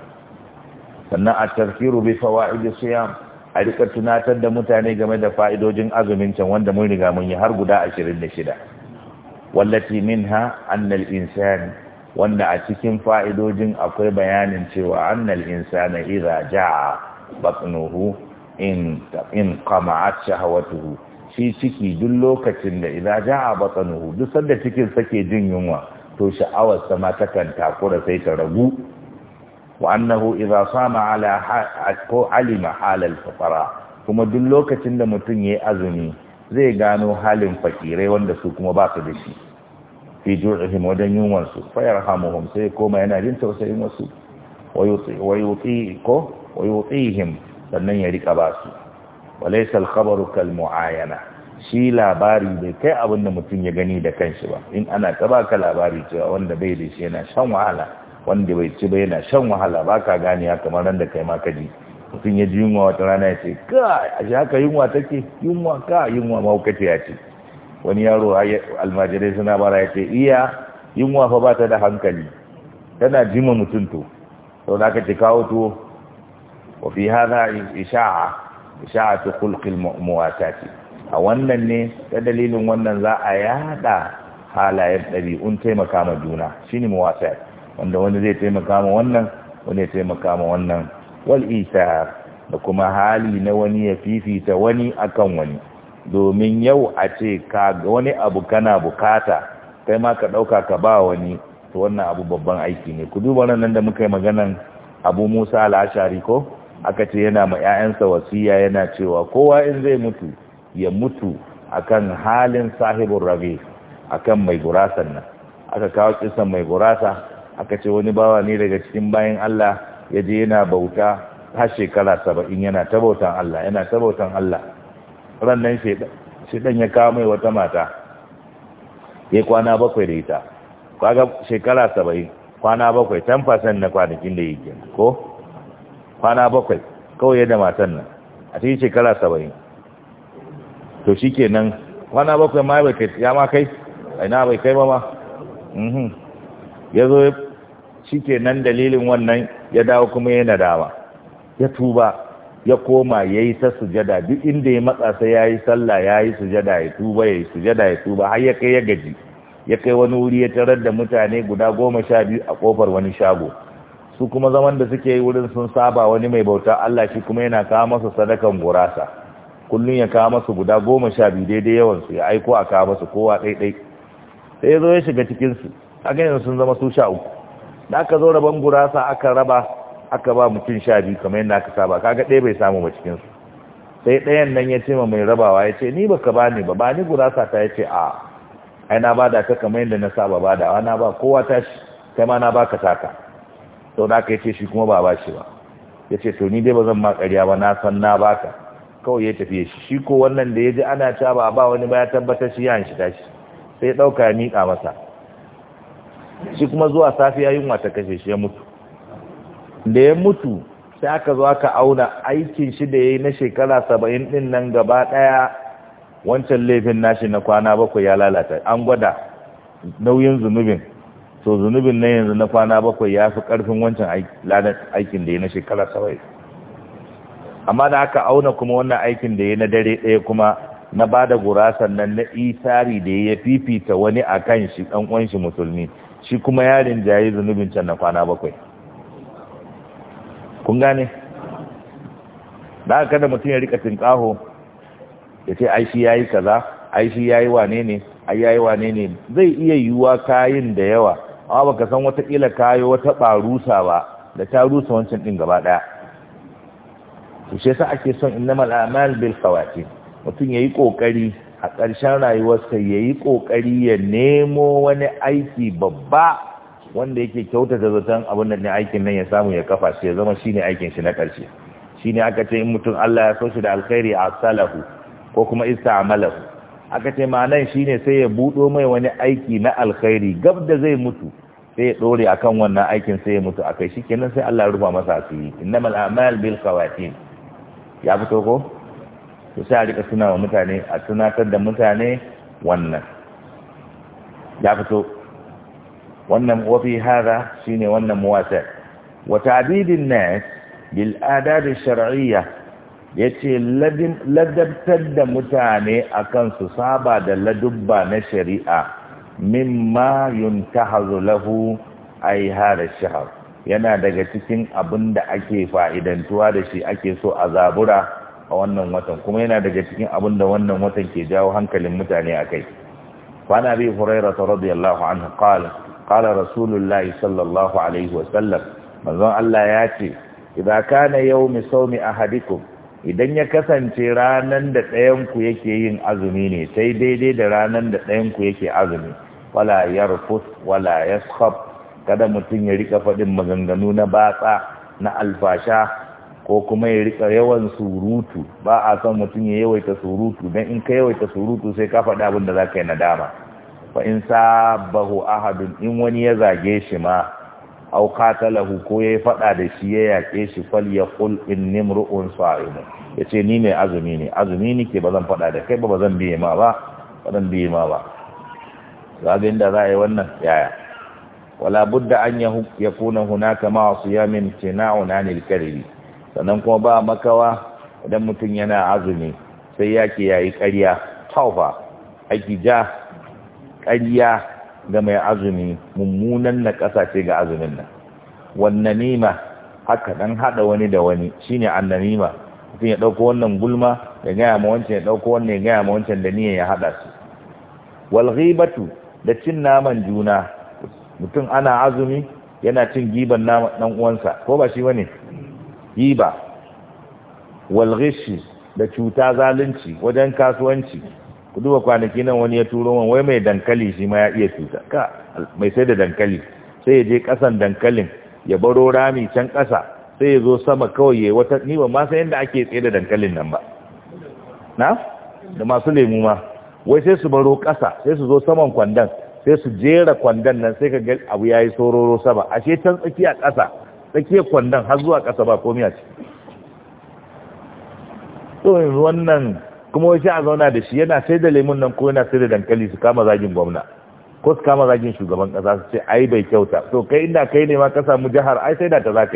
sannan a tafsiru bi fawaid siyam a rika tunatar da mutane game da fa'idojin azumin can wanda mun riga mun yi har guda ashirin da shida wallafi min ha annal insani wanda a cikin fa'idojin akwai bayanin cewa annal ira ja a batnuhu in in qama'at shahawatuhu shi ciki duk lokacin da ira ja a batnuhu duk sanda cikin sake jin yunwa to sha'awar sama ma takan takura sai ta ragu wa annahu idza sama ala ko alima halal kuma duk lokacin da mutum yayi azumi zai gano halin fakirai wanda su kuma ba da shi fi ju'ihim wajen yunwan su fa yarhamuhum sai koma yana jin tausayin wasu wa yuti ko wa yutihim sannan ya rika basu. su walaysa al-khabaru mu'ayana shi labari bai kai abin mutum ya gani da kanshi ba in ana ta baka labari cewa wanda bai da shi yana shan wahala wanda bai ci ba yana shan wahala ba ka gane ya kamar ran da kai ma kaji mutum ya ji yunwa wata rana ya ce ka a shi haka yunwa take yunwa ka yunwa ma kuka ya ce wani yaro almajirai suna bara ya ce iya yunwa fa ba ta da hankali tana jima mutum to sau da aka ce kawo tuwo wa fi hada isha'a isha'a ta kulkil ce, a wannan ne ta dalilin wannan za a yada halayen ɗabi'un taimaka ma juna shine ce wanda wani zai taimaka ma wannan wani ya taimaka ma wannan wal isar da kuma hali na wani ya fifita wani akan wani domin yau a ce ka ga wani abu kana bukata kai ma ka dauka ka ba wani to wannan abu babban aiki ne ku duba nan da muka yi maganan Abu Musa al-Ashari ko aka ce yana ma ƴaƴansa wasiya yana cewa kowa in zai mutu ya mutu akan halin sahibin rabi akan mai gurasan nan aka kawo kisan mai gurasa aka ce wani bawa ne daga cikin bayan Allah ya je yana bauta har shekara saba'in yana ta bautan Allah yana ta bautan Allah rannan shidan ya kawo mai wata mata ya kwana bakwai da ita kwaga shekara saba'in kwana bakwai 10% na kwanakin da yake ko kwana bakwai kawai yadda matan nan a cikin shekara saba'in to shi kenan kwana bakwai ma ya ma kai aina bai kai ba ma mhm. ya zo shi ke nan dalilin wannan ya dawo kuma ya nadama ya tuba ya koma ya yi ta sujada duk inda ya matsa sai ya yi sallah ya yi sujada ya tuba ya yi sujada ya tuba har ya kai ya gaji ya kai wani wuri ya tarar da mutane guda goma sha biyu a kofar wani shago su kuma zaman da suke yi wurin sun saba wani mai bauta Allah shi kuma yana kawo masa sadakan gurasa kullum ya kawo masa guda goma sha biyu daidai yawansu ya aiko a kawo masa kowa ɗaiɗai sai ya zo ya shiga cikinsu a ganin sun zama su sha uku da aka zo rabon gurasa aka raba aka ba mutum sha biyu kamar yadda aka saba kaga ɗaya bai samu ba cikin sai ɗayan nan ya ce ma mai rabawa ya ce ni baka ba ni ba ba ni gurasa ta ya ce a ai na ba da ka kamar yadda na saba ba da na ba kowa ta shi kai ma na baka taka sau da aka ya shi kuma ba ba shi ba ya ce to ni dai ba zan ma ƙarya ba na san na baka kawai ya tafi shi shi ko wannan da ya ji ana caba ba ba wani ba ya tabbatar shi ya shi tashi sai ya ɗauka ya miƙa masa shi kuma zuwa safiya yunwa ta kashe shi ya mutu da ya mutu sai aka zo aka auna aikin shi da ya yi na shekara saba'in din nan gaba daya wancan laifin nashi na kwana bakwai ya lalata an gwada nauyin zunubin to zunubin na yanzu na kwana bakwai ya fi karfin wancan aikin da ya na shekara saba'in amma da aka auna kuma wannan aikin da ya na dare ɗaya kuma na ba da gurasan nan na isari da ya fifita wani a kan shi ɗan uwan shi musulmi shi kuma yarin jayi zunubin can na kwana bakwai kun gane da aka da mutum ya rika tinkaho ya ce ai shi yi kaza ai shi yi wane ne ai yi wane ne zai iya yiwuwa kayan da yawa amma baka san wata kila kayo wata barusa ba da ta rusa wancan din gaba daya to shi yasa ake son innamal a'mal bil khawatim mutum yayi kokari a ƙarshen rayuwarsa ya yi ƙoƙari ya nemo wani aiki babba wanda yake kyautata zaton abin da ne aikin nan ya samu ya kafa shi ya zama shi ne aikin shi na ƙarshe shi ne aka ce in mutum Allah ya so shi da alkhairi a salahu ko kuma ista'amalahu aka ce ma'anan shi ne sai ya buɗo mai wani aiki na alkhairi gab da zai mutu sai ya ɗore akan wannan aikin sai ya mutu a kai shi kenan sai Allah ya rufa masa asiri innamal a'mal bil khawatim ya fito ko to sai a rika suna wa mutane a tunatar da mutane wannan ya fito wannan wafi hada ne wannan muwasa Wata abidin na bil da ash ya ce ladabtar da mutane akan su saba da ladubba na shari'a mimma lafu, a yi hada shahar yana daga cikin abin da ake fa'idantuwa da shi ake so a zabura a wannan watan kuma yana daga cikin abin da wannan watan ke jawo hankalin mutane a kai fana bi huraira ta radiyallahu anhu qala qala rasulullahi sallallahu alaihi wasallam manzon Allah ya ce idan kana yawmi sawmi ahadikum idan ya kasance ranan da ɗayan ku yake yin azumi ne sai daidai da ranan da ɗayanku ku yake azumi wala yarfus wala yaskhab kada mutum ya rika faɗin maganganu na batsa na alfasha ko kuma ya rika yawan surutu ba a san mutum ya yawaita surutu don in ka yawaita surutu sai ka faɗa abin da za ka yi nadama fa in sabahu ahadun in wani ya zage shi ma au qatalahu ko yi faɗa da shi ya yake shi fal yaqul inni mru'un sa'im yace ni ne azumi ne azumi nake ba zan faɗa da kai ba ba zan biye ma ba ba zan biye ma ba zaga inda za a yi wannan yaya wala budda an yakuna hunaka ma siyamin tina'un anil karibi sannan kuma ba makawa idan mutum yana azumi sai ya ke yayi ƙarya taufa aiki ja karya ga mai azumi mummunan na ƙasa ce ga azumin nan wanne nima haka dan hada wani da wani shine annanima mutum ya dauko wannan gulma ya gaya ma wancan ya dauko wannan ya gaya ma wancan da niyan ya haɗa su wal ghibatu da cin naman juna mutum ana azumi yana cin giban naman dan uwansa ko ba shi bane riba wal da cuta zalunci wajen kasuwanci ku duba kwanaki nan wani ya turo man wai mai dankali shi ma ya iya cuta ka mai sai da dankali sai ya je kasan dankalin ya baro rami can kasa sai ya zo sama kawai ya wata ni ma san yadda ake tsaye da dankalin nan ba na da masu lemu ma wai sai su baro kasa sai su zo saman kwandon sai su jera kwandon nan sai ka ga abu yayi sororo sama ashe can tsakiya kasa tsakiyar kwandon har zuwa ƙasa ba komi a ciki to yanzu wannan kuma wai sai a zauna da shi yana sai da lemun nan ko yana sai da dankali su kama zagin gwamna ko su kama zagin shugaban ƙasa su ce ai bai kyauta to kai inda kai ne ma ka samu jihar ai sai da ta za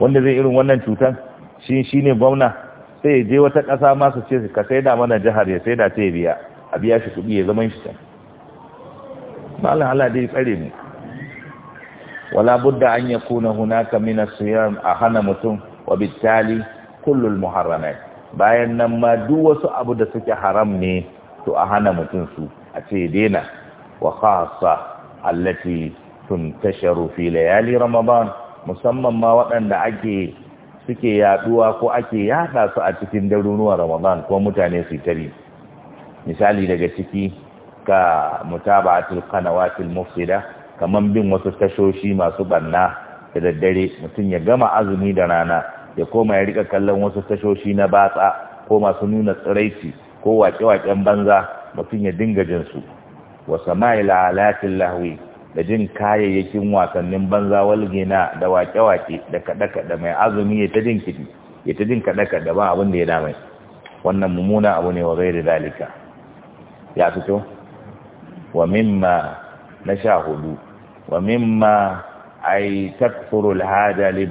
wanda zai irin wannan cutan shi shi ne gwamna sai ya je wata ƙasa ma su ce ka sai da mana jihar ya sai da ta biya a biya shi kuɗi ya zama shi can malam Allah dai tsare mu wala budda an yakuna hunaka min as a hana mutum wa bittali kullul muharramat bayan nan ma duk wasu abu da suke haram ne to a hana mutum su a daina dena wa khassa allati tuntasharu fi layali ramadan musamman ma waɗanda ake suke yaɗuwa ko ake yada su a cikin daruruwan ramadan ko mutane su tari misali daga ciki ka mutaba'atul qanawatil mufsida kamar bin wasu tashoshi masu banna da daddare mutum ya gama azumi da rana ya koma ya rika kallon wasu tashoshi na batsa ko masu nuna tsiraici ko wake-waken banza mutum ya dinga jin su wa sama'il alatin lahwi da jin kayayyakin wasannin banza walgina da wake-wake da kaɗe-kaɗe mai azumi ya ta jin kiɗi ya ta jin ba abin da ya dame wannan mummuna abu ne wa gairi dalika ya fito wa mimma na sha hudu wa mimma ai takfurul haja li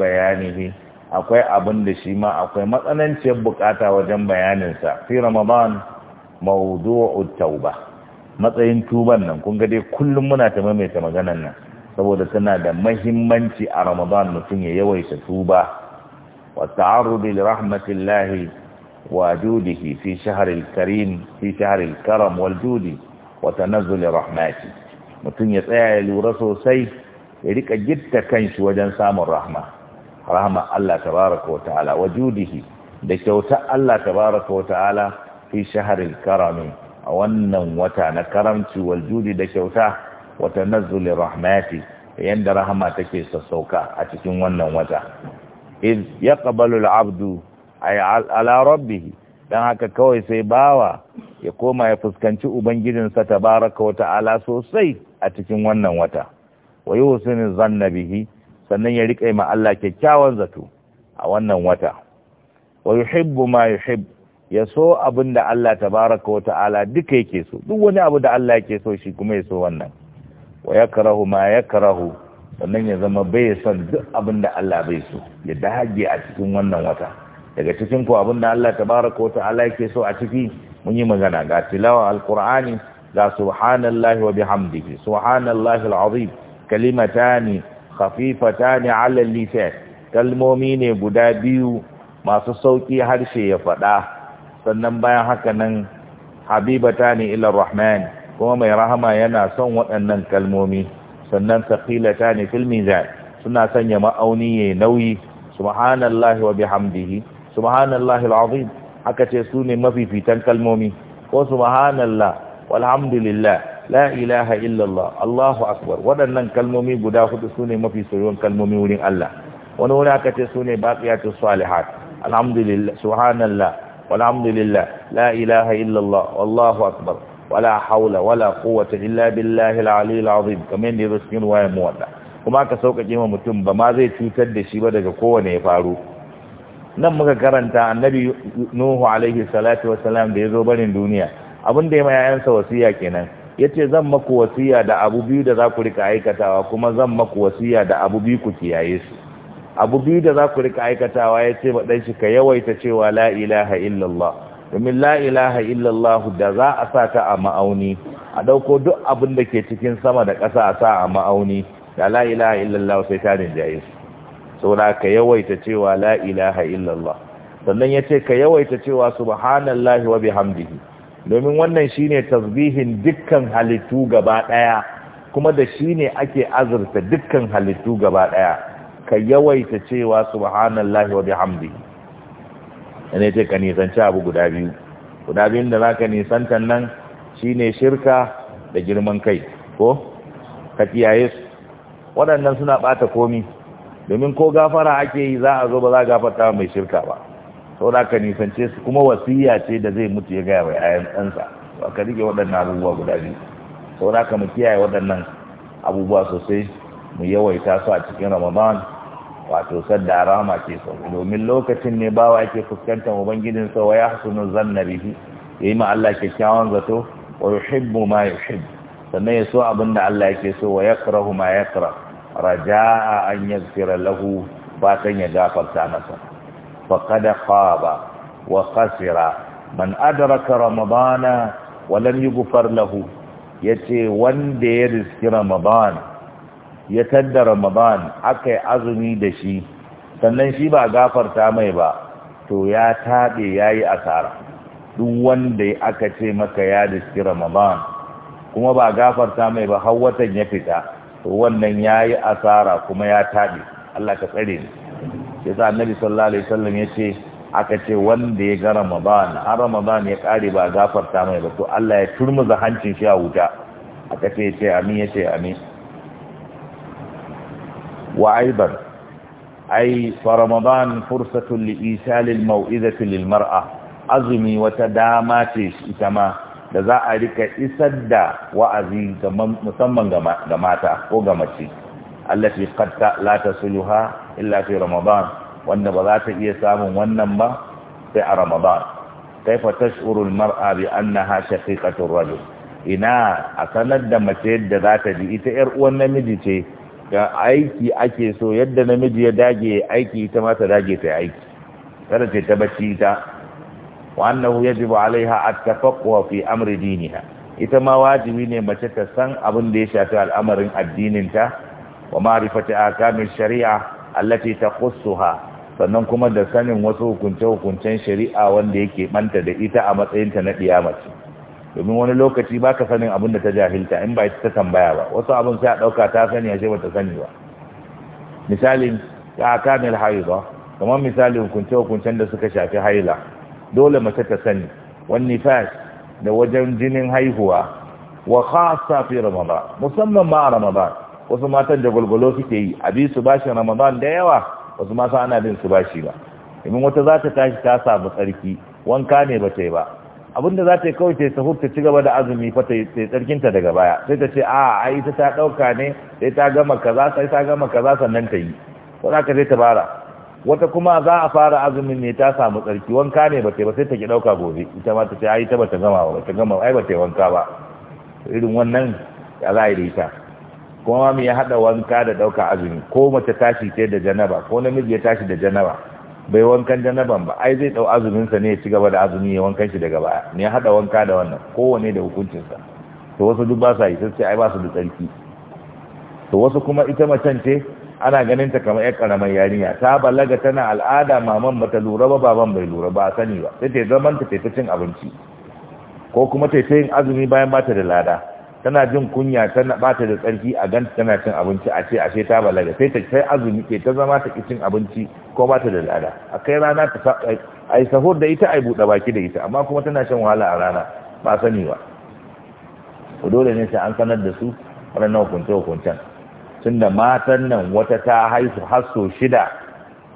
akwai abin da shi ma akwai matsananciyar bukata wajen bayaninsa fi ramadan mawdu'u tauba matsayin tuban nan kun ga dai kullum muna ta maimaita maganar nan saboda tana da mahimmanci a ramadan mutum ya yawaita tuba wa ta'arrudu li rahmatillahi wa judihi fi shahril karim fi shahril karam wal judi wa tanazzul rahmatihi mutum ya tsaya ya lura sosai ya rika gitta kanshi wajen samun rahma rahma Allah tabaraka wa ta'ala wa judihi da kyauta Allah tabaraka wa ta'ala fi shaharil karami a wannan wata na karamci wal judi da kyauta wa tanazzul rahmati yanda rahama take sassauka a cikin wannan wata iz yaqbalu al-abdu ay ala rabbih dan haka kawai sai bawa ya koma ya fuskanci ubangijinsa tabaraka wa ta'ala sosai a cikin wannan wata wa husunin zanna bihi sannan ya riƙe ma Allah kyakkyawan zato a wannan wata wa yuhibbu ma ya so abin da Allah baraka wa ta'ala duka yake so duk wani abu da Allah yake so shi kuma ya so wannan wa ya karahu ma ya karahu sannan ya zama bai son duk abin da Allah bai so ya dage a cikin wannan wata daga cikin ku abin da Allah baraka wa ta'ala yake so a ciki mun yi magana ga tilawa alqur'ani ga subhanallahi wa bihamdihi subhanallahi alazim kalimatani khafifatani ala lisan kalmomi ne guda biyu masu sauki harshe ya faɗa sannan bayan haka nan habibatani ila rahman kuma mai rahama yana son waɗannan kalmomi sannan thaqilatani fil mizan suna sanya ma'auni yayi nauyi subhanallahi wa bihamdihi subhanallahi alazim aka ce su ne mafifitan kalmomi ko subhanallah walhamdulillah la ilaha illallah Allahu akbar waɗannan kalmomi guda hudu sune mafi soyuwan kalmomi wurin Allah wani wuri aka ce sune baqiyatu salihat alhamdulillah subhanallah walhamdulillah la ilaha illallah wallahu akbar wala haula wala quwwata illa billahi al-aliyyil azim kamar da yake cikin mu muwadda kuma ka sauƙaƙe ma mutum ba ma zai cutar da shi ba daga kowane ya faru nan muka karanta annabi nuhu alaihi salatu wasalam da ya zo barin duniya abin da ya 'ya'yansa wasiya kenan ya ce zan maku wasiya da abu biyu da za ku rika aikatawa kuma zan maku wasiya da abu biyu ku kiyaye su abu biyu da za ku rika aikatawa ya ce maɗan shi ka yawaita cewa la ilaha illallah domin la ilaha illallah da za a sa ta a ma'auni a ɗauko duk abin da ke cikin sama da ƙasa a sa a ma'auni da la ilaha illallah sai ta rinjaye su saboda ka yawaita cewa la ilaha illallah sannan ya ce ka yawaita cewa subhanallahi wa bihamdihi domin wannan shine tasbihin dukkan halittu gaba daya kuma da shine ake azurta dukkan halittu gaba daya ka yawaita cewa subhanallahi wa bihamdihi ne ce ka nisanci abu guda biyu guda biyun da zaka nisanta nan shine shirka da girman kai ko ka kiyaye su waɗannan suna bata komi domin ko gafara ake yi za a zo ba za a gafarta mai shirka ba saboda ka nisance su kuma wasiya ce da zai mutu ya gaya mai ayan ɗansa ba ka rike waɗannan abubuwa guda biyu saboda ka mu kiyaye waɗannan abubuwa sosai mu yawaita su a cikin ramadan wato sadda rama ce sau domin lokacin ne bawa yake fuskantar ubangijin sa wa ya hasunu zanna bihi yi ma Allah kyakkyawan zato wa yuhibbu ma yuhib sannan ya so abin da Allah yake so wa yakrahu ma yakra raja'a an yaghfira lahu san ya gafarta masa فقد خاب وخسر من ادرك رمضان ولم يغفر له يتي Ya دير رمضان يتد رمضان azumi da دشي sannan shi ba gafarta mai ba to ya taɓe ya yi asara duk wanda aka ce maka ya diski ramadan kuma ba gafarta mai ba har watan ya fita to wannan ya yi asara kuma ya taɓe Allah ka tsare ni yasa annabi sallallahu alaihi wasallam yace aka ce wanda ya ga ramadan har ramadan ya kare ba gafarta mai ba to Allah ya turmuza hancin shi a wuta aka ce yace amin yace amin wa aiban ai fa ramadan fursatun li isal al mau'izati lil mar'a azumi wata dama ce ita ma da za a rika isar da wa'azi musamman ga mata ko ga mace allati qad la tasluha illa fi ramadan wanda ba za ta iya samun wannan ba sai a ramadan kaifa tash'uru al-mar'a bi annaha shaqiqatu rajul ina a sanar da mace yadda za ta ji ita yar uwan namiji ce ga aiki ake so yadda namiji ya dage aiki ita ma ta dage ta aiki kada ta tabbaci ta Wannan annahu yajibu alaiha at-tafaqquh fi amri diniha ita ma wajibi ne mace ta san abin da ya shafi al'amarin addininta wa ma'rifati akamin shari'a allati takhussuha sannan kuma da sanin wasu hukunce hukuncen shari'a wanda yake banta da ita a matsayin ta na kiyamaci domin wani lokaci baka sanin abin da ta jahilta in ba ita ta tambaya ba wasu abin sai a dauka ta sani ba bata sani ba misalin ya kamil haida kamar misalin hukunce hukuncen da suka shafi haila dole mace ta sani wani nifas da wajen jinin haihuwa wa khassa fi ramadan musamman ma ramadan wasu matan da gulgulo suke yi a bi su bashin ramadan da yawa wasu masa ana bin su bashi ba Imin wata za ta tashi ta samu tsarki wanka ne ba ta yi ba abinda za ta yi kawai ta yi sahur ta ci gaba da azumi fa ta yi tsarkinta daga baya sai ta ce a a ita ta ɗauka ne sai ta gama kaza sai ta gama kaza sannan ta yi ko za ka sai ta bara wata kuma za a fara azumin ne ta samu tsarki wanka ne ba ta yi ba sai ta ki ɗauka gobe ita ma ta ce a ita ba ta gama ba ta gama ai ba ta yi wanka ba irin wannan ya za a yi da ita kuma ma ya haɗa wanka da dauka azumi ko mace tashi ce da janaba ko namiji ya tashi da janaba bai wankan janaban ba ai zai dau azumin sa ne ya ci gaba da azumi ya wankan shi daga baya ne ya hada wanka da wannan kowane da hukuncin sa to wasu duk ba sa yi sai ai ba su da tsarki to wasu kuma ita macen ce ana ganin ta kamar yar karamar yarinya ta balaga tana al'ada maman bata lura ba baban bai lura ba sani ba sai ta zaman ta ta cin abinci ko kuma ta yin azumi bayan ba ta da lada tana jin kunya tana bata da tsarki a ganta tana cin abinci a ce ashe ta balaga sai ta sai azumi ke ta zama ta cin abinci ko bata da lada a kai rana ta ai sahur da ita ai buɗe baki da ita amma kuma tana shan wahala a rana ba sani ba dole ne sai an sanar da su waɗannan hukunce hukuncen tunda matan nan wata ta haihu har so shida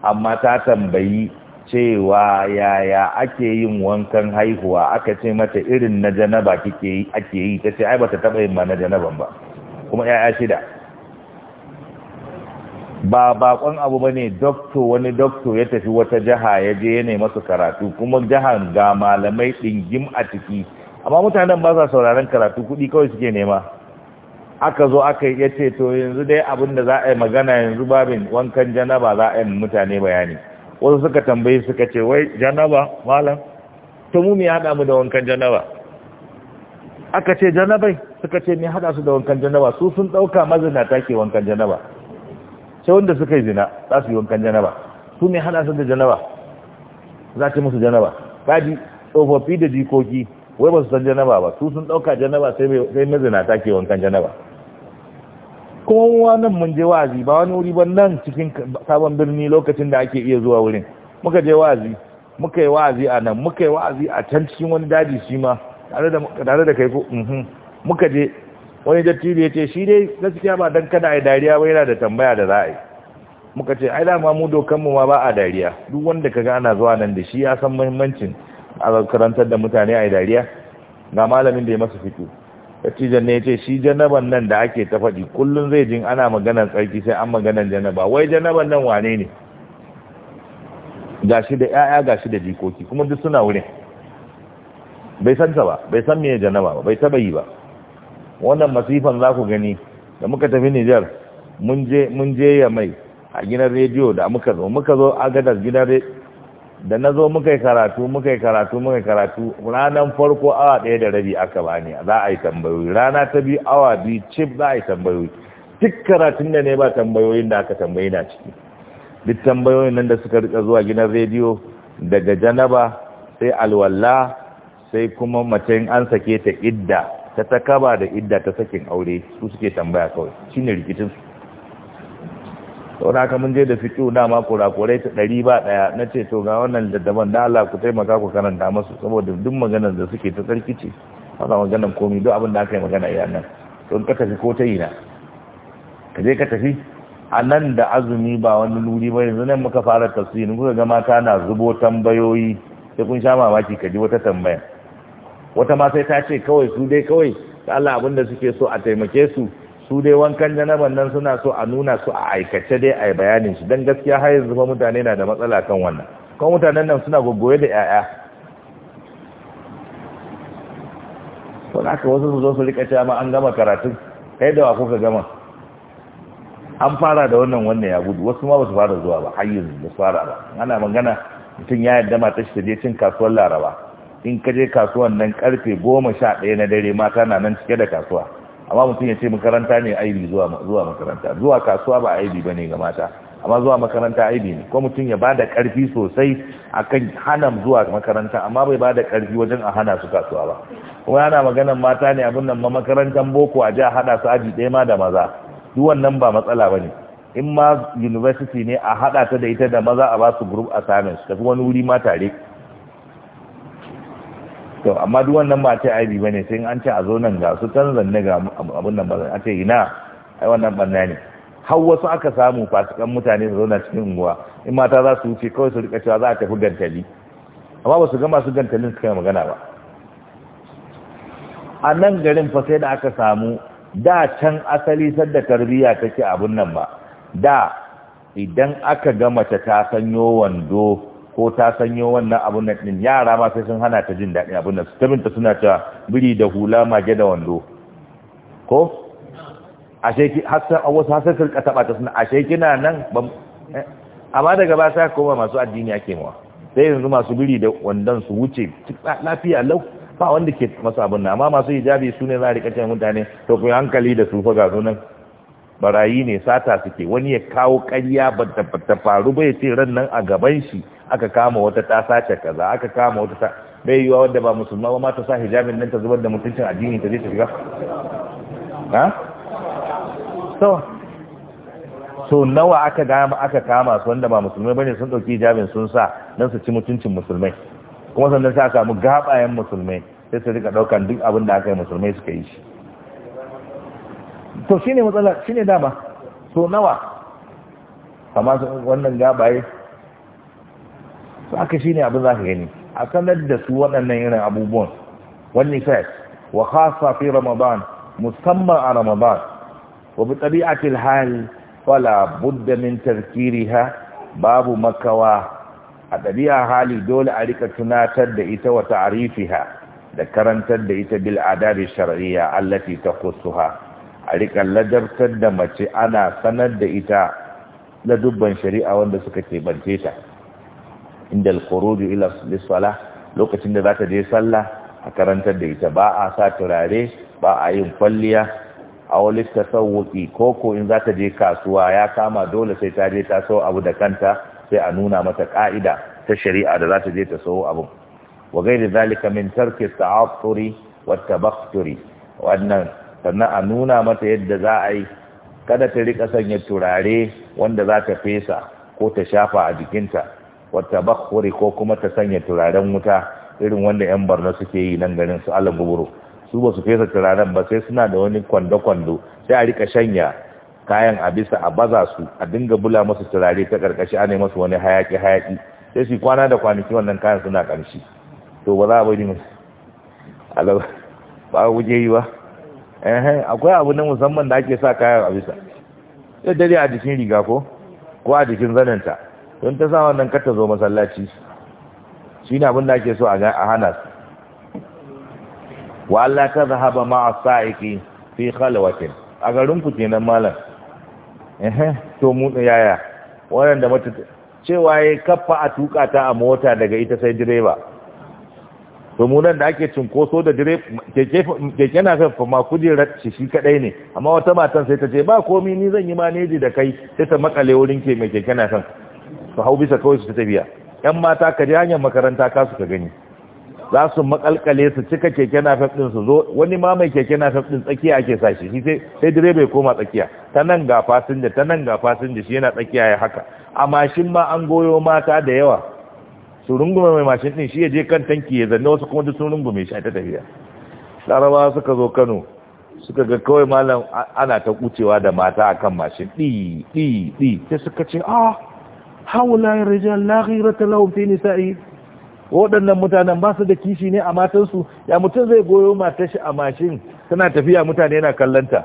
amma ta tambayi cewa yaya ake yin wankan haihuwa aka ce mata irin na janaba kike yi ake yi ta ce ai bata taba yin ma na janaban ba kuma yaya shida ba bakon abu bane doctor wani doctor ya tafi wata jaha ya je ya nemi su karatu kuma jahan ga malamai dingim a ciki amma mutanen ba sa sauraron karatu kuɗi kawai suke nema aka zo aka yi ya ce to yanzu dai abinda za a yi magana yanzu babin wankan janaba za a yi mutane bayani wasu suka tambayi suka ce wai janaba malam to mu me hada mu da wankan janaba aka ce janabai suka ce me hada su da wankan janaba su sun dauka mazina take wankan janaba sai wanda suka yi zina za su yi wankan janaba su me hada su da janaba za ta musu janaba kaji tsofaffi da jikoki wai ba su san janaba ba su sun dauka janaba sai mai mazina take wankan janaba kuma wa nan mun je wa'azi ba wani wuri ba nan cikin sabon birni lokacin da ake iya zuwa wurin muka je wa'azi muka yi wa'azi a nan muka yi wa'azi a can cikin wani daji shi ma tare da kai ko mhm. muka je wani dattijo ya ce shi dai gaskiya ba don kada ayi dariya ba yana da tambaya da za a yi muka ce ai dama mu dokan mu ma ba a dariya duk wanda ka ana zuwa nan da shi ya san muhimmancin a karantar da mutane yi dariya ga malamin da ya masa fito ce ne ya ce shi janaban nan da ake ta faɗi kullum zai jin ana maganar tsarki sai an maganar janaba wai janaban nan wane ne gashi da 'ya'ya gashi da jikoki kuma duk suna wurin bai san ta ba bai san meye janaba ba bai taba yi ba wannan masifan za ku gani da muka tafi Nijar mun je mun je ya mai a gidan rediyo da muka zo muka zo agadar gidan rediyo da na zo muka yi karatu muka yi karatu muka yi karatu ranar farko awa ɗaya da rabi aka bani za a yi tambayoyi rana ta biyu awa biyu cif za a yi tambayoyi duk karatun da ne ba tambayoyin da aka tambayi na ciki duk tambayoyin nan da suka rika zuwa gina rediyo daga janaba sai alwala sai kuma mace an sake ta idda ta takaba da idda ta sakin aure su suke tambaya kawai shine rikicinsu saboda haka mun je da fiƙi ma kurakurai ta ɗari ba ɗaya na ce to ga wannan daddaban da Allah ku taimaka ku karanta masu saboda duk maganar da suke ta tsarki ce haka maganar komi duk abin da aka yi magana iya nan don ka tafi ko ta yi na ka je ka tafi a nan da azumi ba wani nuri ba yanzu nan muka fara tafsirin kuka ga mata na zubo tambayoyi sai kun sha mamaki ka ji wata tambaya wata ma sai ta ce kawai su dai kawai ta Allah abin da suke so a taimake su su dai wankan janaban nan suna so a nuna su a aikace dai a bayanin shi don gaskiya har yanzu ba mutane na da matsala kan wannan kuma mutanen nan suna goggoye da 'ya'ya ko da wasu su zo su rika cewa ma an gama karatun kai da wa kuka gama an fara da wannan wannan ya gudu wasu ma ba su fara zuwa ba har yanzu fara ba ana magana mutum ya yarda mata shi je cin kasuwar laraba in ka je kasuwan nan karfe goma sha ɗaya na dare mata na nan cike da kasuwa amma mutum ya ce makaranta ne aibi zuwa zuwa makaranta zuwa kasuwa ba aibi bane ga mata amma zuwa makaranta aibi ne ko mutum ya bada karfi sosai a kan hana zuwa makaranta amma bai bada karfi wajen a hana su kasuwa ba kuma yana maganan mata ne abin nan ma makarantar boko a ji a hada su aji ɗaya ma da maza duk wannan ba matsala ba ne in ma university ne a hada ta da ita da maza a ba su group assignments tafi wani wuri ma tare to amma duk wannan ba ce aibi bane sai an ce a zo nan ga su kan zanne ga abun nan ba a ce ina ai wannan banna ne har wasu aka samu fasikan mutane su zauna cikin unguwa in mata za su wuce kawai su rika cewa za a tafi gantali amma ba su gama su gantalin su kai magana ba a nan garin fa sai da aka samu da can asali sadda tarbiyya take abun nan ba da idan aka ga mace ta sanyo wando ko ta sanyo wannan abun nan din yara ma sai sun hana ta jin daɗin abun nan ta binta suna cewa biri da hula mage da wando ko ashe ki hasa wasu hasan sun taɓa ta suna ashe kina nan eh. amma daga ba sa koma masu addini ake mawa sai yanzu masu biri da wandon su wuce lafiya lau ba wanda ke masu abun nan amma masu hijabi su ne za a rika mutane to ku hankali da su fa ga nan barayi ne sata suke wani ya kawo ƙarya ba ta faru ba ya ce ran nan a gaban shi aka kama wata ta sace kaza aka kama wata bai yiwa wanda ba musulma ba ma ta sa hijabin nan ta zubar da mutuncin addini ta je ta shiga ha so so nawa aka gama aka kama su wanda ba musulmai bane sun dauki hijabin sun sa dan su ci mutuncin musulmai kuma sannan sai aka mu gabayen musulmai sai su rika daukan duk abin da aka yi musulmai suka yi shi to shine matsala shine dama so nawa amma wannan gabaye su aka shi ne abin za ka gani a sanar da su waɗannan irin abubuwan wani fes wa khasa fi ramadan musamman a ramadan wa bi tabi'atil hal fala budda min tazkiriha babu makawa a ɗabi'a hali dole a rika tunatar da ita wa ta'rifiha da karantar da ita bil adabi shar'iyya allati taqussuha a rika ladabtar da mace ana sanar da ita dubban shari'a wanda suka tebance ta inda alkhuruju ila salah lokacin da zaka je sallah a karantar da ita ba a sa turare ba a yin kwalliya a wani tasawuki koko in zaka je kasuwa ya kama dole sai ta je ta so abu da kanta sai a nuna mata ka'ida ta shari'a da zata je ta so abu wa gairi zalika min tarki ta'affuri wa tabakhturi wannan sannan a nuna mata yadda za a yi kada ta rika sanya turare wanda za ta fesa ko ta shafa a jikinta wata bakwari ko kuma ta sanya turaren wuta irin wanda 'yan barna suke yi nan ganin su ala guburu su ba su fesa turaren ba sai suna da wani kwando-kwando sai a rika shanya kayan a bisa a baza su a dinga bula masu turare ta karkashi ana masu wani hayaki-hayaki sai su kwana da kwanaki wannan kayan suna ƙarshe to ba za a bari musu alaba ba wuje yi ba akwai abu na musamman da ake sa kayan a bisa sai dare a jikin riga ko ko a jikin zanenta. don ta sa wannan kar ta zo masallaci shi ne abin da ake so a hana su wa Allah ka ba ma'a sa'iki fi khalwatin a garin ku kenan malam ehe to mu yaya wanda mata cewa ya kafa a tuka ta a mota daga ita sai direba to mu da ake cinkoso da direba keke na kafa ma kudin shi shi kadai ne amma wata matan sai ta ce ba komi ni zan yi maneji da kai sai ta makale wurin ke mai keke na fafa su hau bisa kawai su ta tafiya yan mata ka ji hanyar makaranta ka su ka gani za su makalkale su cika keke na ɗin su zo wani ma mai keke na ɗin tsakiya ake sa shi sai sai direba ya koma tsakiya ta nan ga fasinja ta nan ga fasinja shi yana tsakiya ya haka a mashin ma an goyo mata da yawa su rungume mai mashin ɗin shi ya je kan tanki ya zanne wasu kuma duk sun rungume shi a ta tafiya larabawa suka zo kano suka ga kawai malam ana ta kucewa da mata akan mashin ɗi ɗi ɗi sai suka ce ah haulayen rijiyar lahirar talahun fi nisa'i waɗannan mutanen ba su da kishi ne a matansu ya mutum zai goyo matar shi a mashin tana tafiya mutane yana kallanta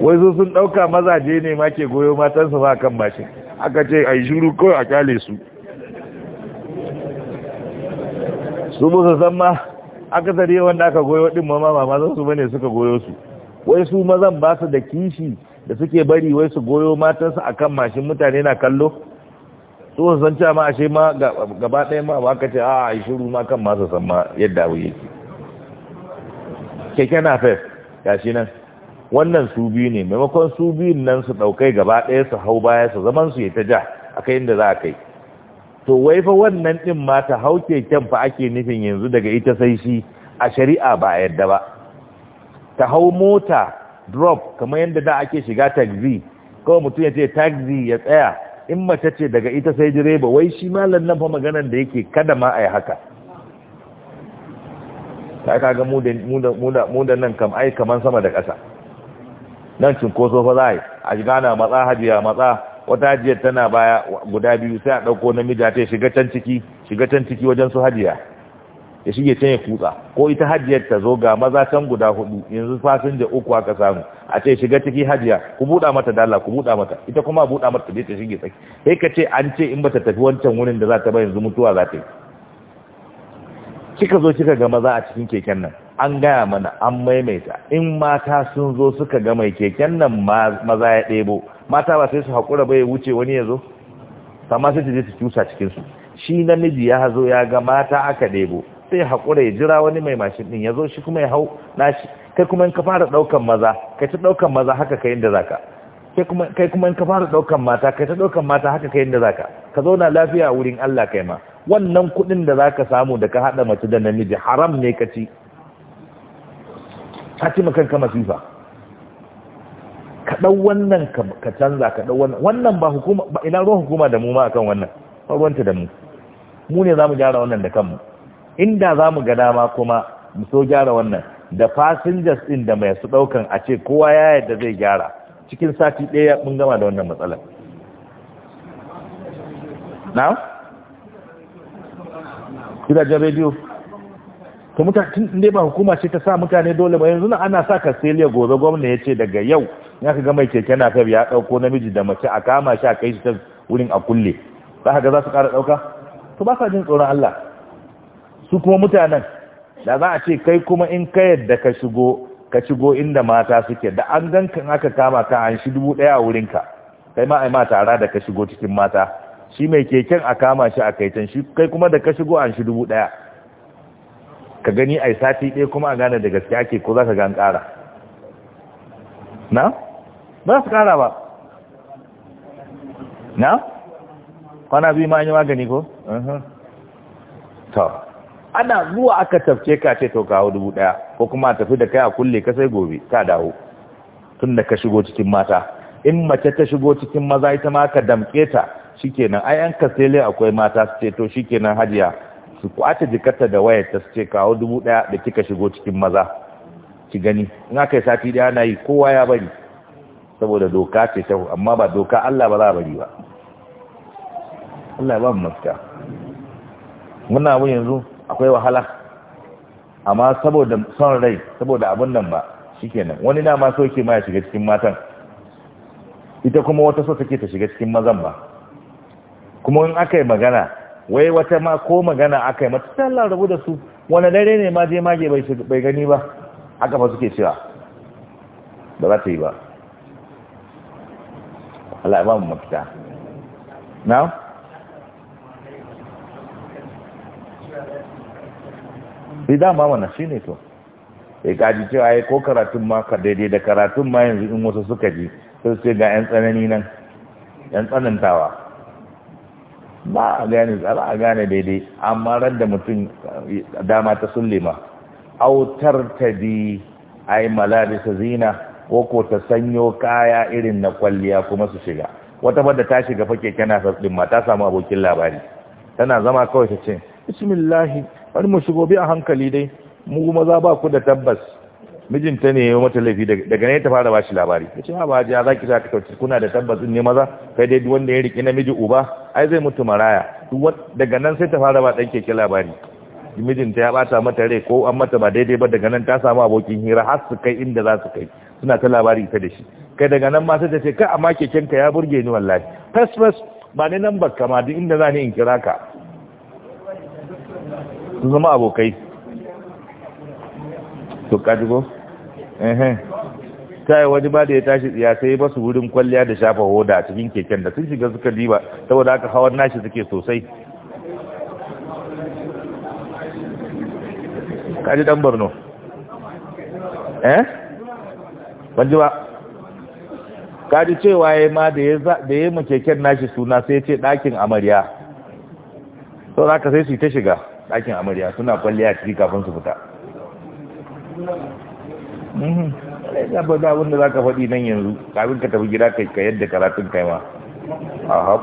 wai su sun ɗauka mazaje ne ma ke goyo matansu ba kan mashin aka ce a yi shuru kawai a kyale su su musu san ma aka zare wanda aka goyo ɗin mama mama su bane suka goyo su wai su mazan ba su da kishi da suke bari wai su goyo matansu akan mashin mutane na kallo su san cewa ma shi ma gaba ɗaya ma ba ka ce a ah, a shiru ma kan masu san ma yadda abu ke keke na fes shi nan wannan su biyu ne maimakon su biyun nan su ɗaukai gaba ɗaya su hau baya su zaman su ya ta ja a kai inda za a kai to wai fa wannan ɗin ma ta hau keken fa ake nufin yanzu daga ita sai shi a shari'a ba a yadda ba ta hau mota drop kamar yadda da ake shiga taxi kawai mutum ya ce taxi ya tsaya in mace ce daga ita sai direba wai shi malam nan fa maganar da yake kada ma a haka ta kaga mu da nan kam ai kaman sama da ƙasa nan cinkoso fa za a yi a shiga na matsa hajiya matsa wata hajiyar tana baya guda biyu sai a ɗauko namiji ta shiga can shiga can ciki wajen su hajiya ya shige can ya kutsa ko ita hajiyar ta zo ga maza can guda hudu yanzu fasinja uku aka samu a ce shiga ciki hajiya ku buɗa mata dala ku buɗa mata ita kuma buɗa mata ta shige tsaki sai ka ce an ce in bata tafi wancan wurin da za ta ba yanzu mutuwa za ta kika zo kika ga maza a cikin keken nan an gaya mana an maimaita in mata sun zo suka ga mai keken nan maza ya ɗebo mata ba sai su haƙura ba ya wuce wani ya zo amma sai su je su cusa cikinsu shi namiji ya zo ya ga mata aka ɗebo sai haƙura ya jira wani mai mashin ɗin ya zo shi kuma ya hau nashi kai kuma ka fara ɗaukan maza kai ta ɗaukan maza haka kai inda zaka kai kuma ka fara ɗaukan mata kai ta ɗaukan mata haka ka yadda zaka ka zauna lafiya a wurin Allah kai ma wannan kuɗin da zaka samu da ka haɗa mace da namiji haram ne ka ci ka ci ka masifa ka ɗau wannan ka canza ka ɗau wannan wannan ba hukuma ba ina ruwan hukuma da mu ma akan wannan ba ruwanta da mu mu ne za mu gyara wannan da kanmu inda za mu ga dama kuma mu so gyara wannan da fasinjas ɗin da mai su ɗaukan a ce kowa ya yadda zai gyara cikin sati ɗaya mun gama da wannan matsalar na? gidajen rediyo ta mutane ɗin ba hukuma ce ta sa mutane dole ba yanzu ana sa kastiliya gobe gwamna ya ce daga yau ya ka mai keke na kai ya ɗauko namiji da mace a kama shi a kai shi ta wurin a kulle za ka ga za su ƙara ɗauka to ba sa jin tsoron Allah su kuma mutanen da za a ce kai kuma in ka yadda ka shigo ka shigo inda mata suke da an gan kan aka kama ka an shi dubu ɗaya a wurinka kai ma ai ma tara da ka shigo cikin mata shi mai keken a kama shi a kai can shi kai kuma da ka shigo an shi dubu ɗaya ka gani ai sati ɗaya kuma a gane da gaske ake ko za ka gan ƙara na ba su ƙara ba na kwana biyu ma an yi magani ko? Mhm. to ana zuwa aka tafce ka ce to kawo dubu daya ko kuma tafi da kai a kulle ka sai gobe ka dawo tun da ka shigo cikin mata in mace ta shigo cikin maza ita ma ka damke ta shikenan ai an kasele akwai mata su ce to shikenan hajiya su kwace jikarta da wayar ta su ce kawo dubu daya da kika shigo cikin maza ki gani in aka yi sati daya na yi kowa ya bari saboda doka ce ta amma ba doka Allah ba za a bari ba Allah ba mu mafita muna mu yanzu akwai wahala amma saboda son rai saboda abin nan ba shikenan wani dama so yake ma shiga cikin matan ita kuma wata so take ta shiga cikin mazan ba kuma in aka yi magana wai wata ma ko magana aka yi mata sai da su wani dare ne ma je mage bai gani ba haka ba suke cewa ba za ta yi ba Allah ya ba mu mafita na'am sai eh, dama wannan shine to ya gaji cewa ai ko karatun ma ka daidai da karatun ma yanzu in wasu suka ji sai sai ga yan tsanani nan yan tsanantawa ba a gane tsara a gane daidai amma ran da mutum dama ta sullima autar ta bi malari sa zina ko ko ta sanyo kaya irin na kwalliya kuma su shiga wata bada ta shiga fake kana sassin ma ta samu abokin labari tana zama kawai ta ce bismillahi bari mu shigo bi a hankali dai mu maza ba ku da tabbas mijinta ne ya mata laifi daga ne ta fara ba shi labari ya ce ha ba hajiya za ki za ka kauce kuna da tabbas ne maza kai dai wanda ya riƙe namiji uba ai zai mutu maraya daga nan sai ta fara ba ɗan keke labari mijinta ya bata mata rai ko an mata ba daidai ba daga nan ta samu abokin hira har su kai inda za su kai suna ta labari ta da shi kai daga nan ma sai ta ce ka amma kekenka ya burge ni wallahi fas fas ba ni nan ba kama duk inda za ni in kira ka su zama abokai to kajigo ehem ta yi wani ba da ya tashi ya sai ba su wurin kwalliya da shafa hoda a cikin keken da sun shiga suka diba saboda aka hawan nashi suke sosai kaji dan borno eh banji ba kaji cewa ya ma da ya yi keken nashi suna sai ce ɗakin amarya sau da aka sai su yi ta shiga dakin amarya suna kwalliya ciki kafin su fita ya mhm. eh, ba da abin za ka faɗi nan yanzu kafin ka tafi gida ka yadda karatun kai ma a haf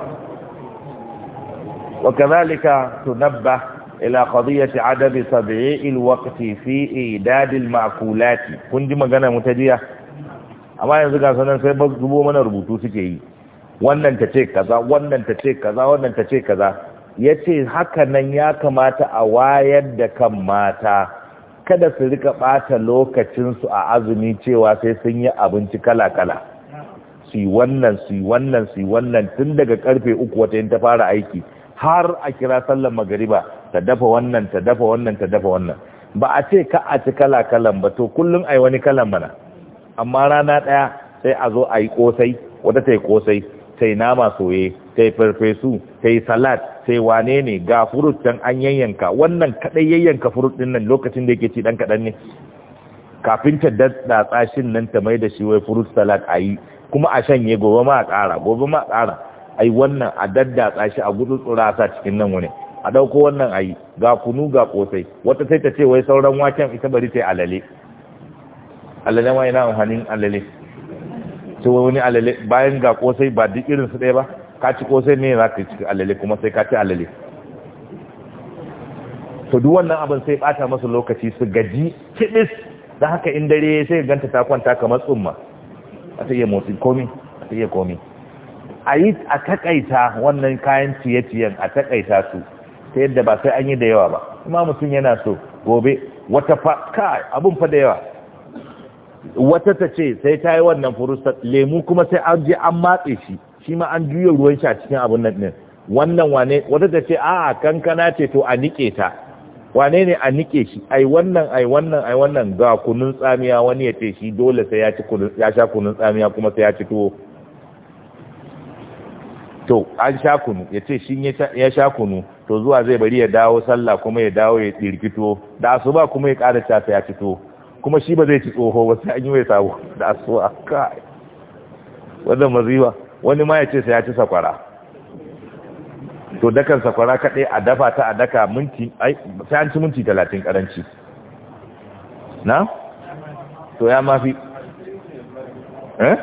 wakazalika tunabba ila qadiyati adadi sab'i alwaqti fi idad almakulat kun ji magana mutajiya jiya amma yanzu ga sanan sai ba zubo mana rubutu suke yi wannan ta ce kaza wannan ta ce kaza wannan ta ce kaza ya ce hakanan ya kamata a wayar da kan mata kada su rika ɓata lokacinsu a azumi cewa sai sun yi abinci kala-kala su yi wannan su yi wannan su yi wannan tun daga karfe uku wata yin ta fara aiki har a kira sallar magariba ta dafa wannan ta dafa wannan ta dafa wannan ba a ce ka a ci kala-kalan ba to kullum a wani kalan mana amma rana ɗaya sai a zo a yi kosai wata ta yi kosai ta yi nama soye kai farfesu kai salat sai wane ne ga furut can an yayyanka wannan kadai yayyanka furut din nan lokacin da yake ci dan kadan ne kafin ta dadda tsashin nan ta mai da shi wai furut salat ayi kuma a shanye gobe ma a ƙara gobe ma a ƙara ai wannan a dadda tsashi a gudu sa cikin nan wani a dauko wannan ayi ga kunu ga kosai wata sai ta ce wai sauran waken ita bari sai alale alale ma ina amfanin alale sai wani alale bayan ga kosai ba duk irin su ɗaya ba ka ci ko sai ne za ka ci alale kuma sai ka ci alale to duk wannan abin sai bata masa lokaci su gaji kibis da haka in dare sai ganta ta kwanta kamar tsumma a ta iya motsi komi a ta iya komi a yi a takaita wannan kayan ciye-ciyen a takaita su ta yadda ba sai an yi da yawa ba kuma mutum yana so gobe wata fa kai abun fa da yawa wata ta ce sai ta yi wannan furusta lemu kuma sai an je an matse shi shi ma an juya ruwan shi a cikin abun nan din wannan wane wata ta ce a'a kankana ce to a nike ta wane ne a nike shi ai wannan ai wannan ai wannan ga kunun tsamiya wani ya ce shi dole sai ya ci kunun ya sha kunun tsamiya kuma sai ya ci tuwo to an sha kunu ya ce shi ya sha kunu to zuwa zai bari ya dawo sallah kuma ya dawo ya dirki tuwo da asuba kuma ya ƙara ta ya ci tuwo kuma shi ba zai ci tsoho ba sai an yi mai sabo da asuba kai wannan maziwa wani ma ya ce sai ya ci sakwara to dakan sakwara kaɗai a dafa ta a daka minti ai sai an ci minti talatin karanci na to ya mafi eh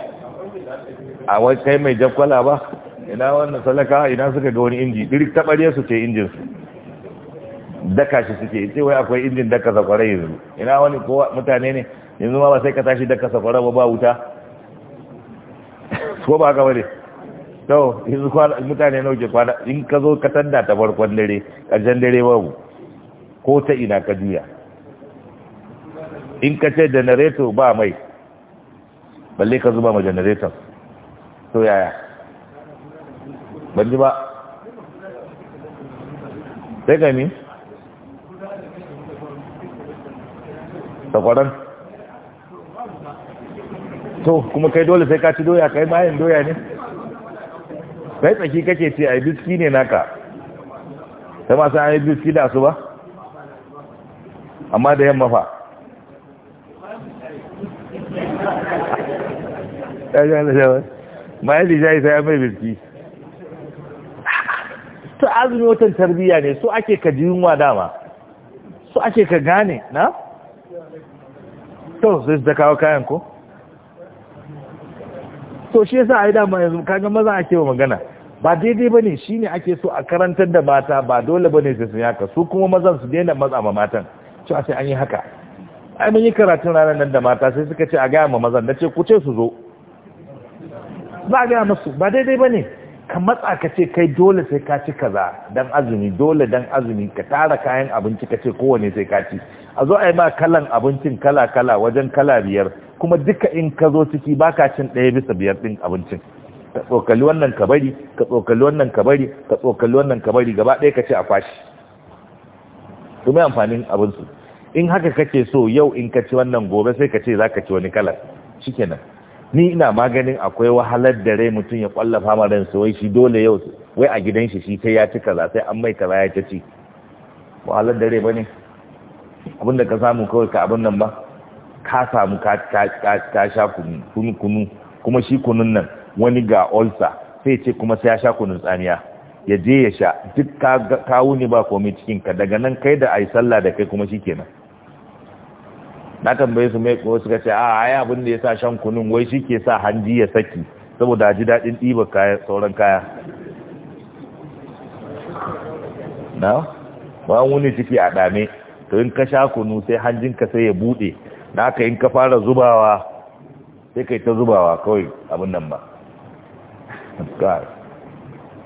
a wai kai mai jakwala ba ina wannan salaka ina suka ga wani inji dirik tabariya su ce injin su daka shi suke ce wai akwai injin daka sakwara yanzu ina wani kowa mutane ne yanzu ma ba sai ka tashi daka sakwara ba ba wuta ko ba ga bane to yanzu kwana mutane nauke ke kwana in ka zo ka tanda ta farkon dare ƙarshen dare babu ko ta ina ka juya in ka ce janareto ba mai balle ka zuba ma janareton to yaya ban ji ba sai ka mi? sakwaran to kuma kai dole sai ka ci doya kai bayan doya ne kai tsaki kake ce a biski ne naka ta ma an yi biski da su ba amma da yamma fa ma yi jayi sai mai biski to azumi watan tarbiya ne so ake ka ji wa dama so ake ka gane na to sai su ta kawo kayan ko to shi yasa ai dama yanzu kaga maza ake wa magana ba daidai bane shine ake so a karantar da mata ba dole bane sai sun haka su kuma mazan su daina matsa ma matan cewa sai an yi haka ai mun yi karatun ranar nan da mata sai suka ce a gaya ma mazan nace ku ce su zo za a gaya musu ba daidai bane ka matsa ka ce kai dole sai ka ci kaza dan azumi dole dan azumi ka tara kayan abinci ka ce kowane sai ka ci a zo a yi ma kalan abincin kala-kala wajen kala biyar kuma duka in ka zo ciki ba ka cin ɗaya bisa biyar ɗin abincin ka tsokali wannan ka bari ka tsokali wannan ka bari ka tsokali wannan ka bari gaba ɗaya ka ce a fashi to mai amfanin abinsu in haka kake so yau in ka ci wannan gobe sai ka ce za ka ci wani kalan. shikenan ni ina maganin akwai wahalar da rai mutum ya kwallafa ma ran wai shi dole yau wai a gidan shi shi sai ya ci kaza sai an mai kaza ya ci wahalar da rai bane abinda ka samu kawai ka abin nan ba ka samu ka sha kunu kuma shi kunun nan wani ga olsa sai ce kuma sai ya sha kunun tsamiya ya je ya sha duk ka wuni ba komai cikin ka daga nan kai da ai sallah da kai kuma shikenan na tambaye su mai ko suka ce a ai abin da yasa shan kunun wai shi ke sa hanji ya saki saboda ji dadin ɗiba kaya sauran kaya na ba wuni ciki a dame to in ka sha kunu sai hanjinka sai ya bude da haka in ka fara zubawa sai kai ta zubawa kawai abin nan ba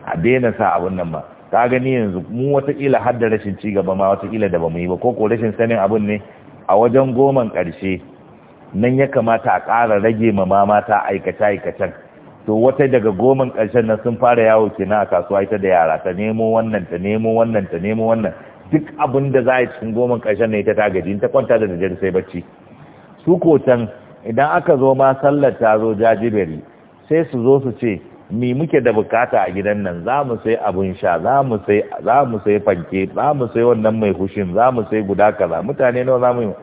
a daina sa abin nan ba ka gani yanzu mu watakila har da rashin gaba ma watakila da ba mu yi ba ko ko rashin sanin abin ne a wajen goman karshe nan ya kamata a ƙara rage ma ma mata aikace-aikacen to wata daga goman karshen nan sun fara yawo kina a kasuwa ita da yara ta nemo wannan ta nemo wannan ta nemo wannan duk abin da za a yi cikin goma ƙarshen ne ta tagaji ta kwanta da jirgin sai bacci su kotan idan aka zo ma sallar ta zo jajiberi sai su zo su ce mi muke da bukata a gidan nan za mu sai abin sha za mu sai fanke za mu sai wannan mai hushin za mu sai guda kaza mutane nawa za mu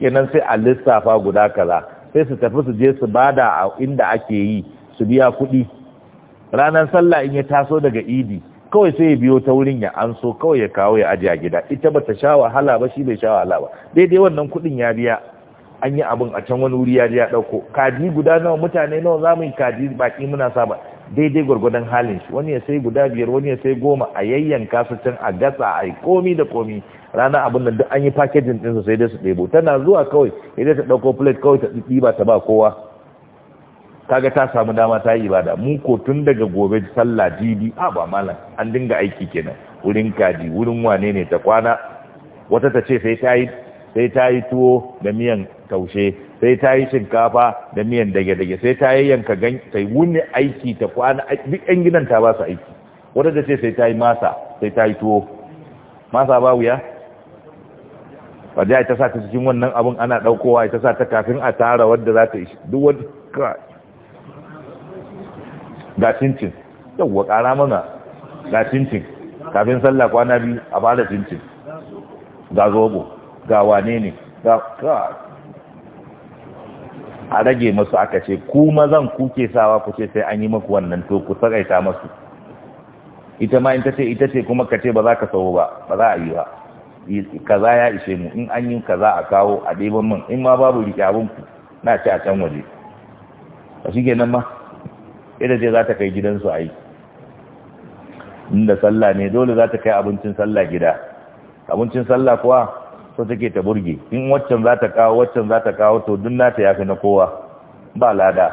yi nan sai a lissafa guda kaza sai su tafi su je su bada a inda ake yi su biya kuɗi ranar sallah in ya taso daga idi kawai sai ya biyo ta wurin ya anso kawai ya kawo ya ajiye a gida ita bata sha wahala ba shi bai sha wahala ba daidai wannan kuɗin ya biya an yi abin a can wani wuri ya je ya kaji guda nawa mutane nawa za mu yi kaji baki muna saba daidai gwargwadon halin shi wani ya sai guda biyar wani ya sai goma a yayyanka su can a gasa a komi da komi rana abin nan duk an yi packaging ɗinsa sai dai su ɗebo tana zuwa kawai idan ta ɗauko plate kawai ta ba ta ba kowa kaga ta samu dama ta yi ibada mu ko tun daga gobe sallah jibi a ba malam an dinga aiki kenan wurin kaji wurin wane ne ta kwana wata ta ce sai ta yi sai ta yi tuwo da miyan taushe sai ta yi shinkafa da miyan dage-dage sai ta yi yanka gan sai wuni aiki ta kwana duk yan gidan ta ba su aiki wata ta ce sai ta yi masa sai ta yi tuwo masa ba wuya ba ta sa ta cikin wannan abun ana daukowa ita sa ta kafin a tara wadda za ta duk wani ga cincin wa ƙara mana ga cincin kafin sallah kwana biyu a fara cincin ga zobo ga wane ne ga a rage masu aka ce kuma zan kuke sawa ku ce sai an yi maku wannan to ku sakaita masu ita ma in ta ce ita ce kuma ka ce ba za ka sau ba ba za a yi ba kaza ya ishe mu in an yi kaza a kawo a ɗeban min in ma babu rike na ce a can waje a shi nan ma ita je za ta kai gidansu a yi inda sallah ne dole za ta kai abincin sallah gida abincin sallah kuwa so take ta burge in waccan za ta kawo waccan za ta kawo to dun nata ya fi na kowa ba lada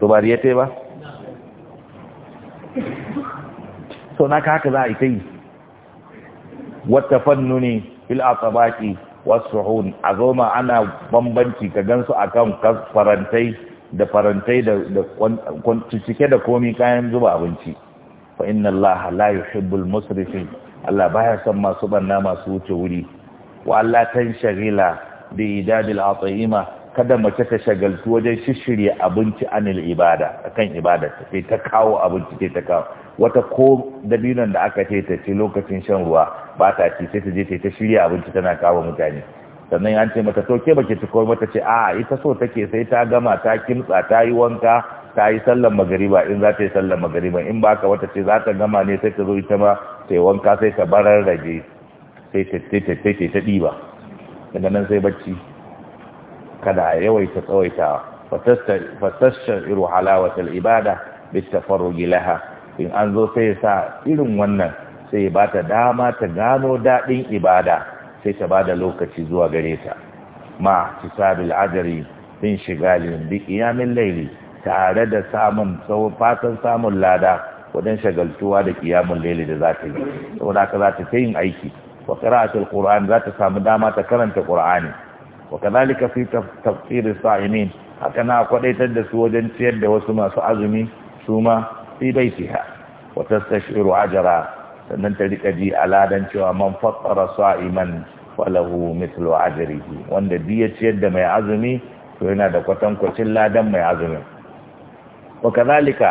to ba riyate ba so na haka za a yi ta yi wata ne fil asabaki wasu hun a zoma ana bambanci ka gansu akan farantai da farantai da cike da komi kayan zuba abinci fa inna Allah la yuhibbul musrifin Allah baya san masu banna masu wuce wuri wa Allah tan shagila bi idadil atayima kada mace ta shagaltu wajen shishirya abinci anil ibada akan ibada sai ta kawo abinci sai ta kawo wata ko dabinan da aka ce ta ci lokacin shan ruwa ba ta ci sai ta je ta shirya abinci tana kawo mutane sannan an ce mata ba ke baki ci mata ce a ita so take sai ta gama ta kimtsa ta yi wanka ta yi sallar magariba in za ta yi sallan magariba in ba ka wata ce za ta gama ne sai ta zo ita ma ta yi wanka sai ta barar rage sai ta ta ɗiba daga nan sai bacci kada a yawaita tsawaita fasashen iru halawatar ibada ta farugi gilaha in an zo sai sa irin wannan sai ba ta dama ta gano daɗin ibada sai ta ba da lokaci zuwa gare ta ma tisabil ajari bin shigalin bi kiyamin laili tare da samun fatan samun lada wajen shagaltuwa da kiyamun laili da za ta yi saboda haka za ta yin aiki wa qira'atul qur'an za ta samu dama ta karanta qur'ani wa kadalika fi tafsir sa'imin haka na kwadaitar da su wajen ciyar da wasu masu azumi su ma fi baitiha wa tastashiru ajra sannan ta rika ji aladan cewa man fattara sa'iman falahu mithlu ajrihi wanda bi ya ciyar da mai azumi to yana da kwatankwacin ladan mai azumi wa kadhalika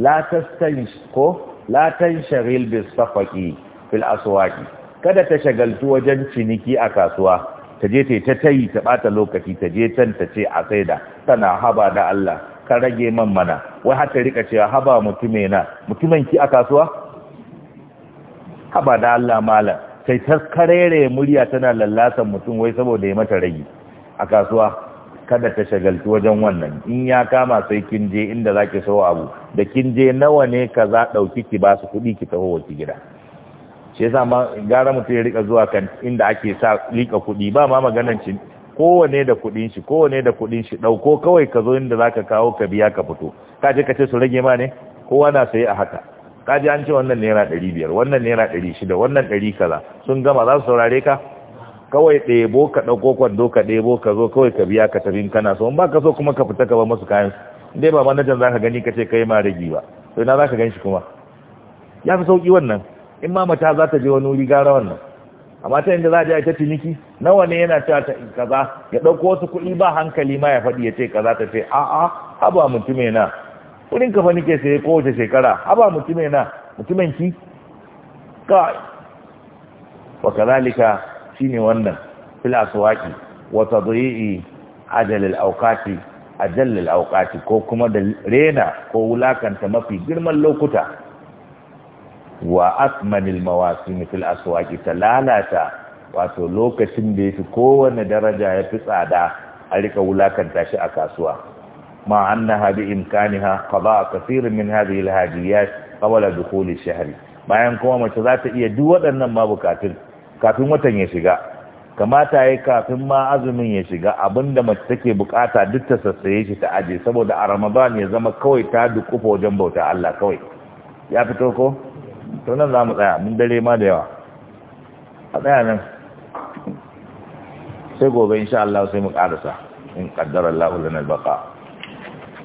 la tastansh ko la tanshagil bis safaqi fil aswaqi kada ta shagaltu wajen ciniki a kasuwa ta je ta tayi ta bata lokaci ta je can ta ce a saida tana haba da Allah ka rage man mana wai har ta rika cewa haba mutumena mutumanki a kasuwa haba da Allah malam sai ta karere murya tana lallasan mutum wai saboda ya mata ragi a kasuwa kada ta shagaltu wajen wannan in ya kama sai kin je inda zaki sawo abu da kin je nawa ne kaza dauki ki ba su kudi ki taho ki gida shi yasa ma gara mutum ya rika zuwa kan inda ake sa lika kudi ba ma maganan cin kowane da kudin shi kowane da kudin shi dauko kawai ka zo inda zaka kawo ka biya ka fito ka je ka ce su rage ma ne kowa na sai a haka kaji an ce wannan naira ɗari biyar wannan naira ɗari shida wannan ɗari kaza sun gama za su saurare ka kawai ɗebo ka ɗauko kwando ka ɗebo ka zo kawai ka biya ka tafi kana so ba ka so kuma ka fita ka ba masu kayan dai ba manajan za ka gani ka ce ka ma ragi ba to ina za ka gan shi kuma ya fi sauƙi wannan in ma mata za ta je wani wuri gara wannan amma ta inda za a je a ta ciniki nawa ne yana cewa ta kaza ya ɗauko wasu kuɗi ba hankali ma ya faɗi ya ce kaza ta ce a'a haba mutum na wurin ka fa nake sai kowace shekara haba mutumin na mutumin ki kai wa kadhalika shine wannan fil aswaqi wa tadyi'i ajal al awqati ajal al awqati ko kuma da rena ko wulakanta mafi girman lokuta wa asman al mawasim fil aswaqi talalata wato lokacin da yafi kowanne daraja ya fi tsada a rika wulakanta shi a kasuwa مع أنها بإمكانها قضاء كثير من هذه الهاجيات قبل دخول الشهر bayan kuma mace za ta iya duk waɗannan ma bukatun kafin watan ya shiga kamata ya kafin ma azumin ya shiga abinda mace take bukata duk ta sassaye shi ta aje saboda a ramadan ya zama kawai ta dukufa wajen bauta Allah kawai ya fito ko to nan za mu tsaya mun dare ma da yawa a tsaya nan sai gobe insha Allah sai mu karasa in qaddara Allahu lana al-baqa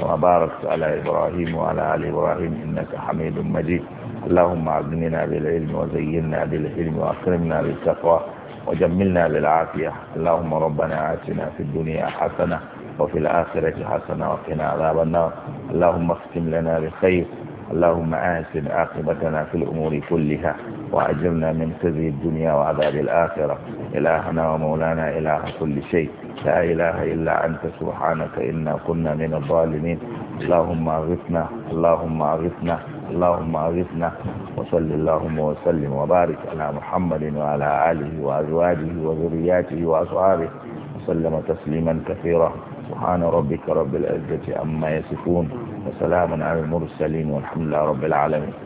وباركت على إبراهيم وعلى آل إبراهيم إنك حميد مجيد اللهم أعزمنا بالعلم وزينا بالحلم وأكرمنا بالتقوى وجملنا بالعافية اللهم ربنا آتنا في الدنيا حسنة وفي الآخرة حسنة وقنا عذاب النار اللهم اختم لنا بخير اللهم آسن عاقبتنا في الأمور كلها وأجرنا من خزي الدنيا وعذاب الآخرة إلهنا ومولانا إله كل شيء لا إله إلا أنت سبحانك إنا كنا من الظالمين اللهم أغثنا اللهم أغثنا اللهم أغثنا وصل اللهم وسلم وبارك على محمد وعلى آله وأزواجه وذرياته وأصحابه وسلم تسليما كثيرا سبحان ربك رب العزة عما يصفون وسلام على المرسلين والحمد لله رب العالمين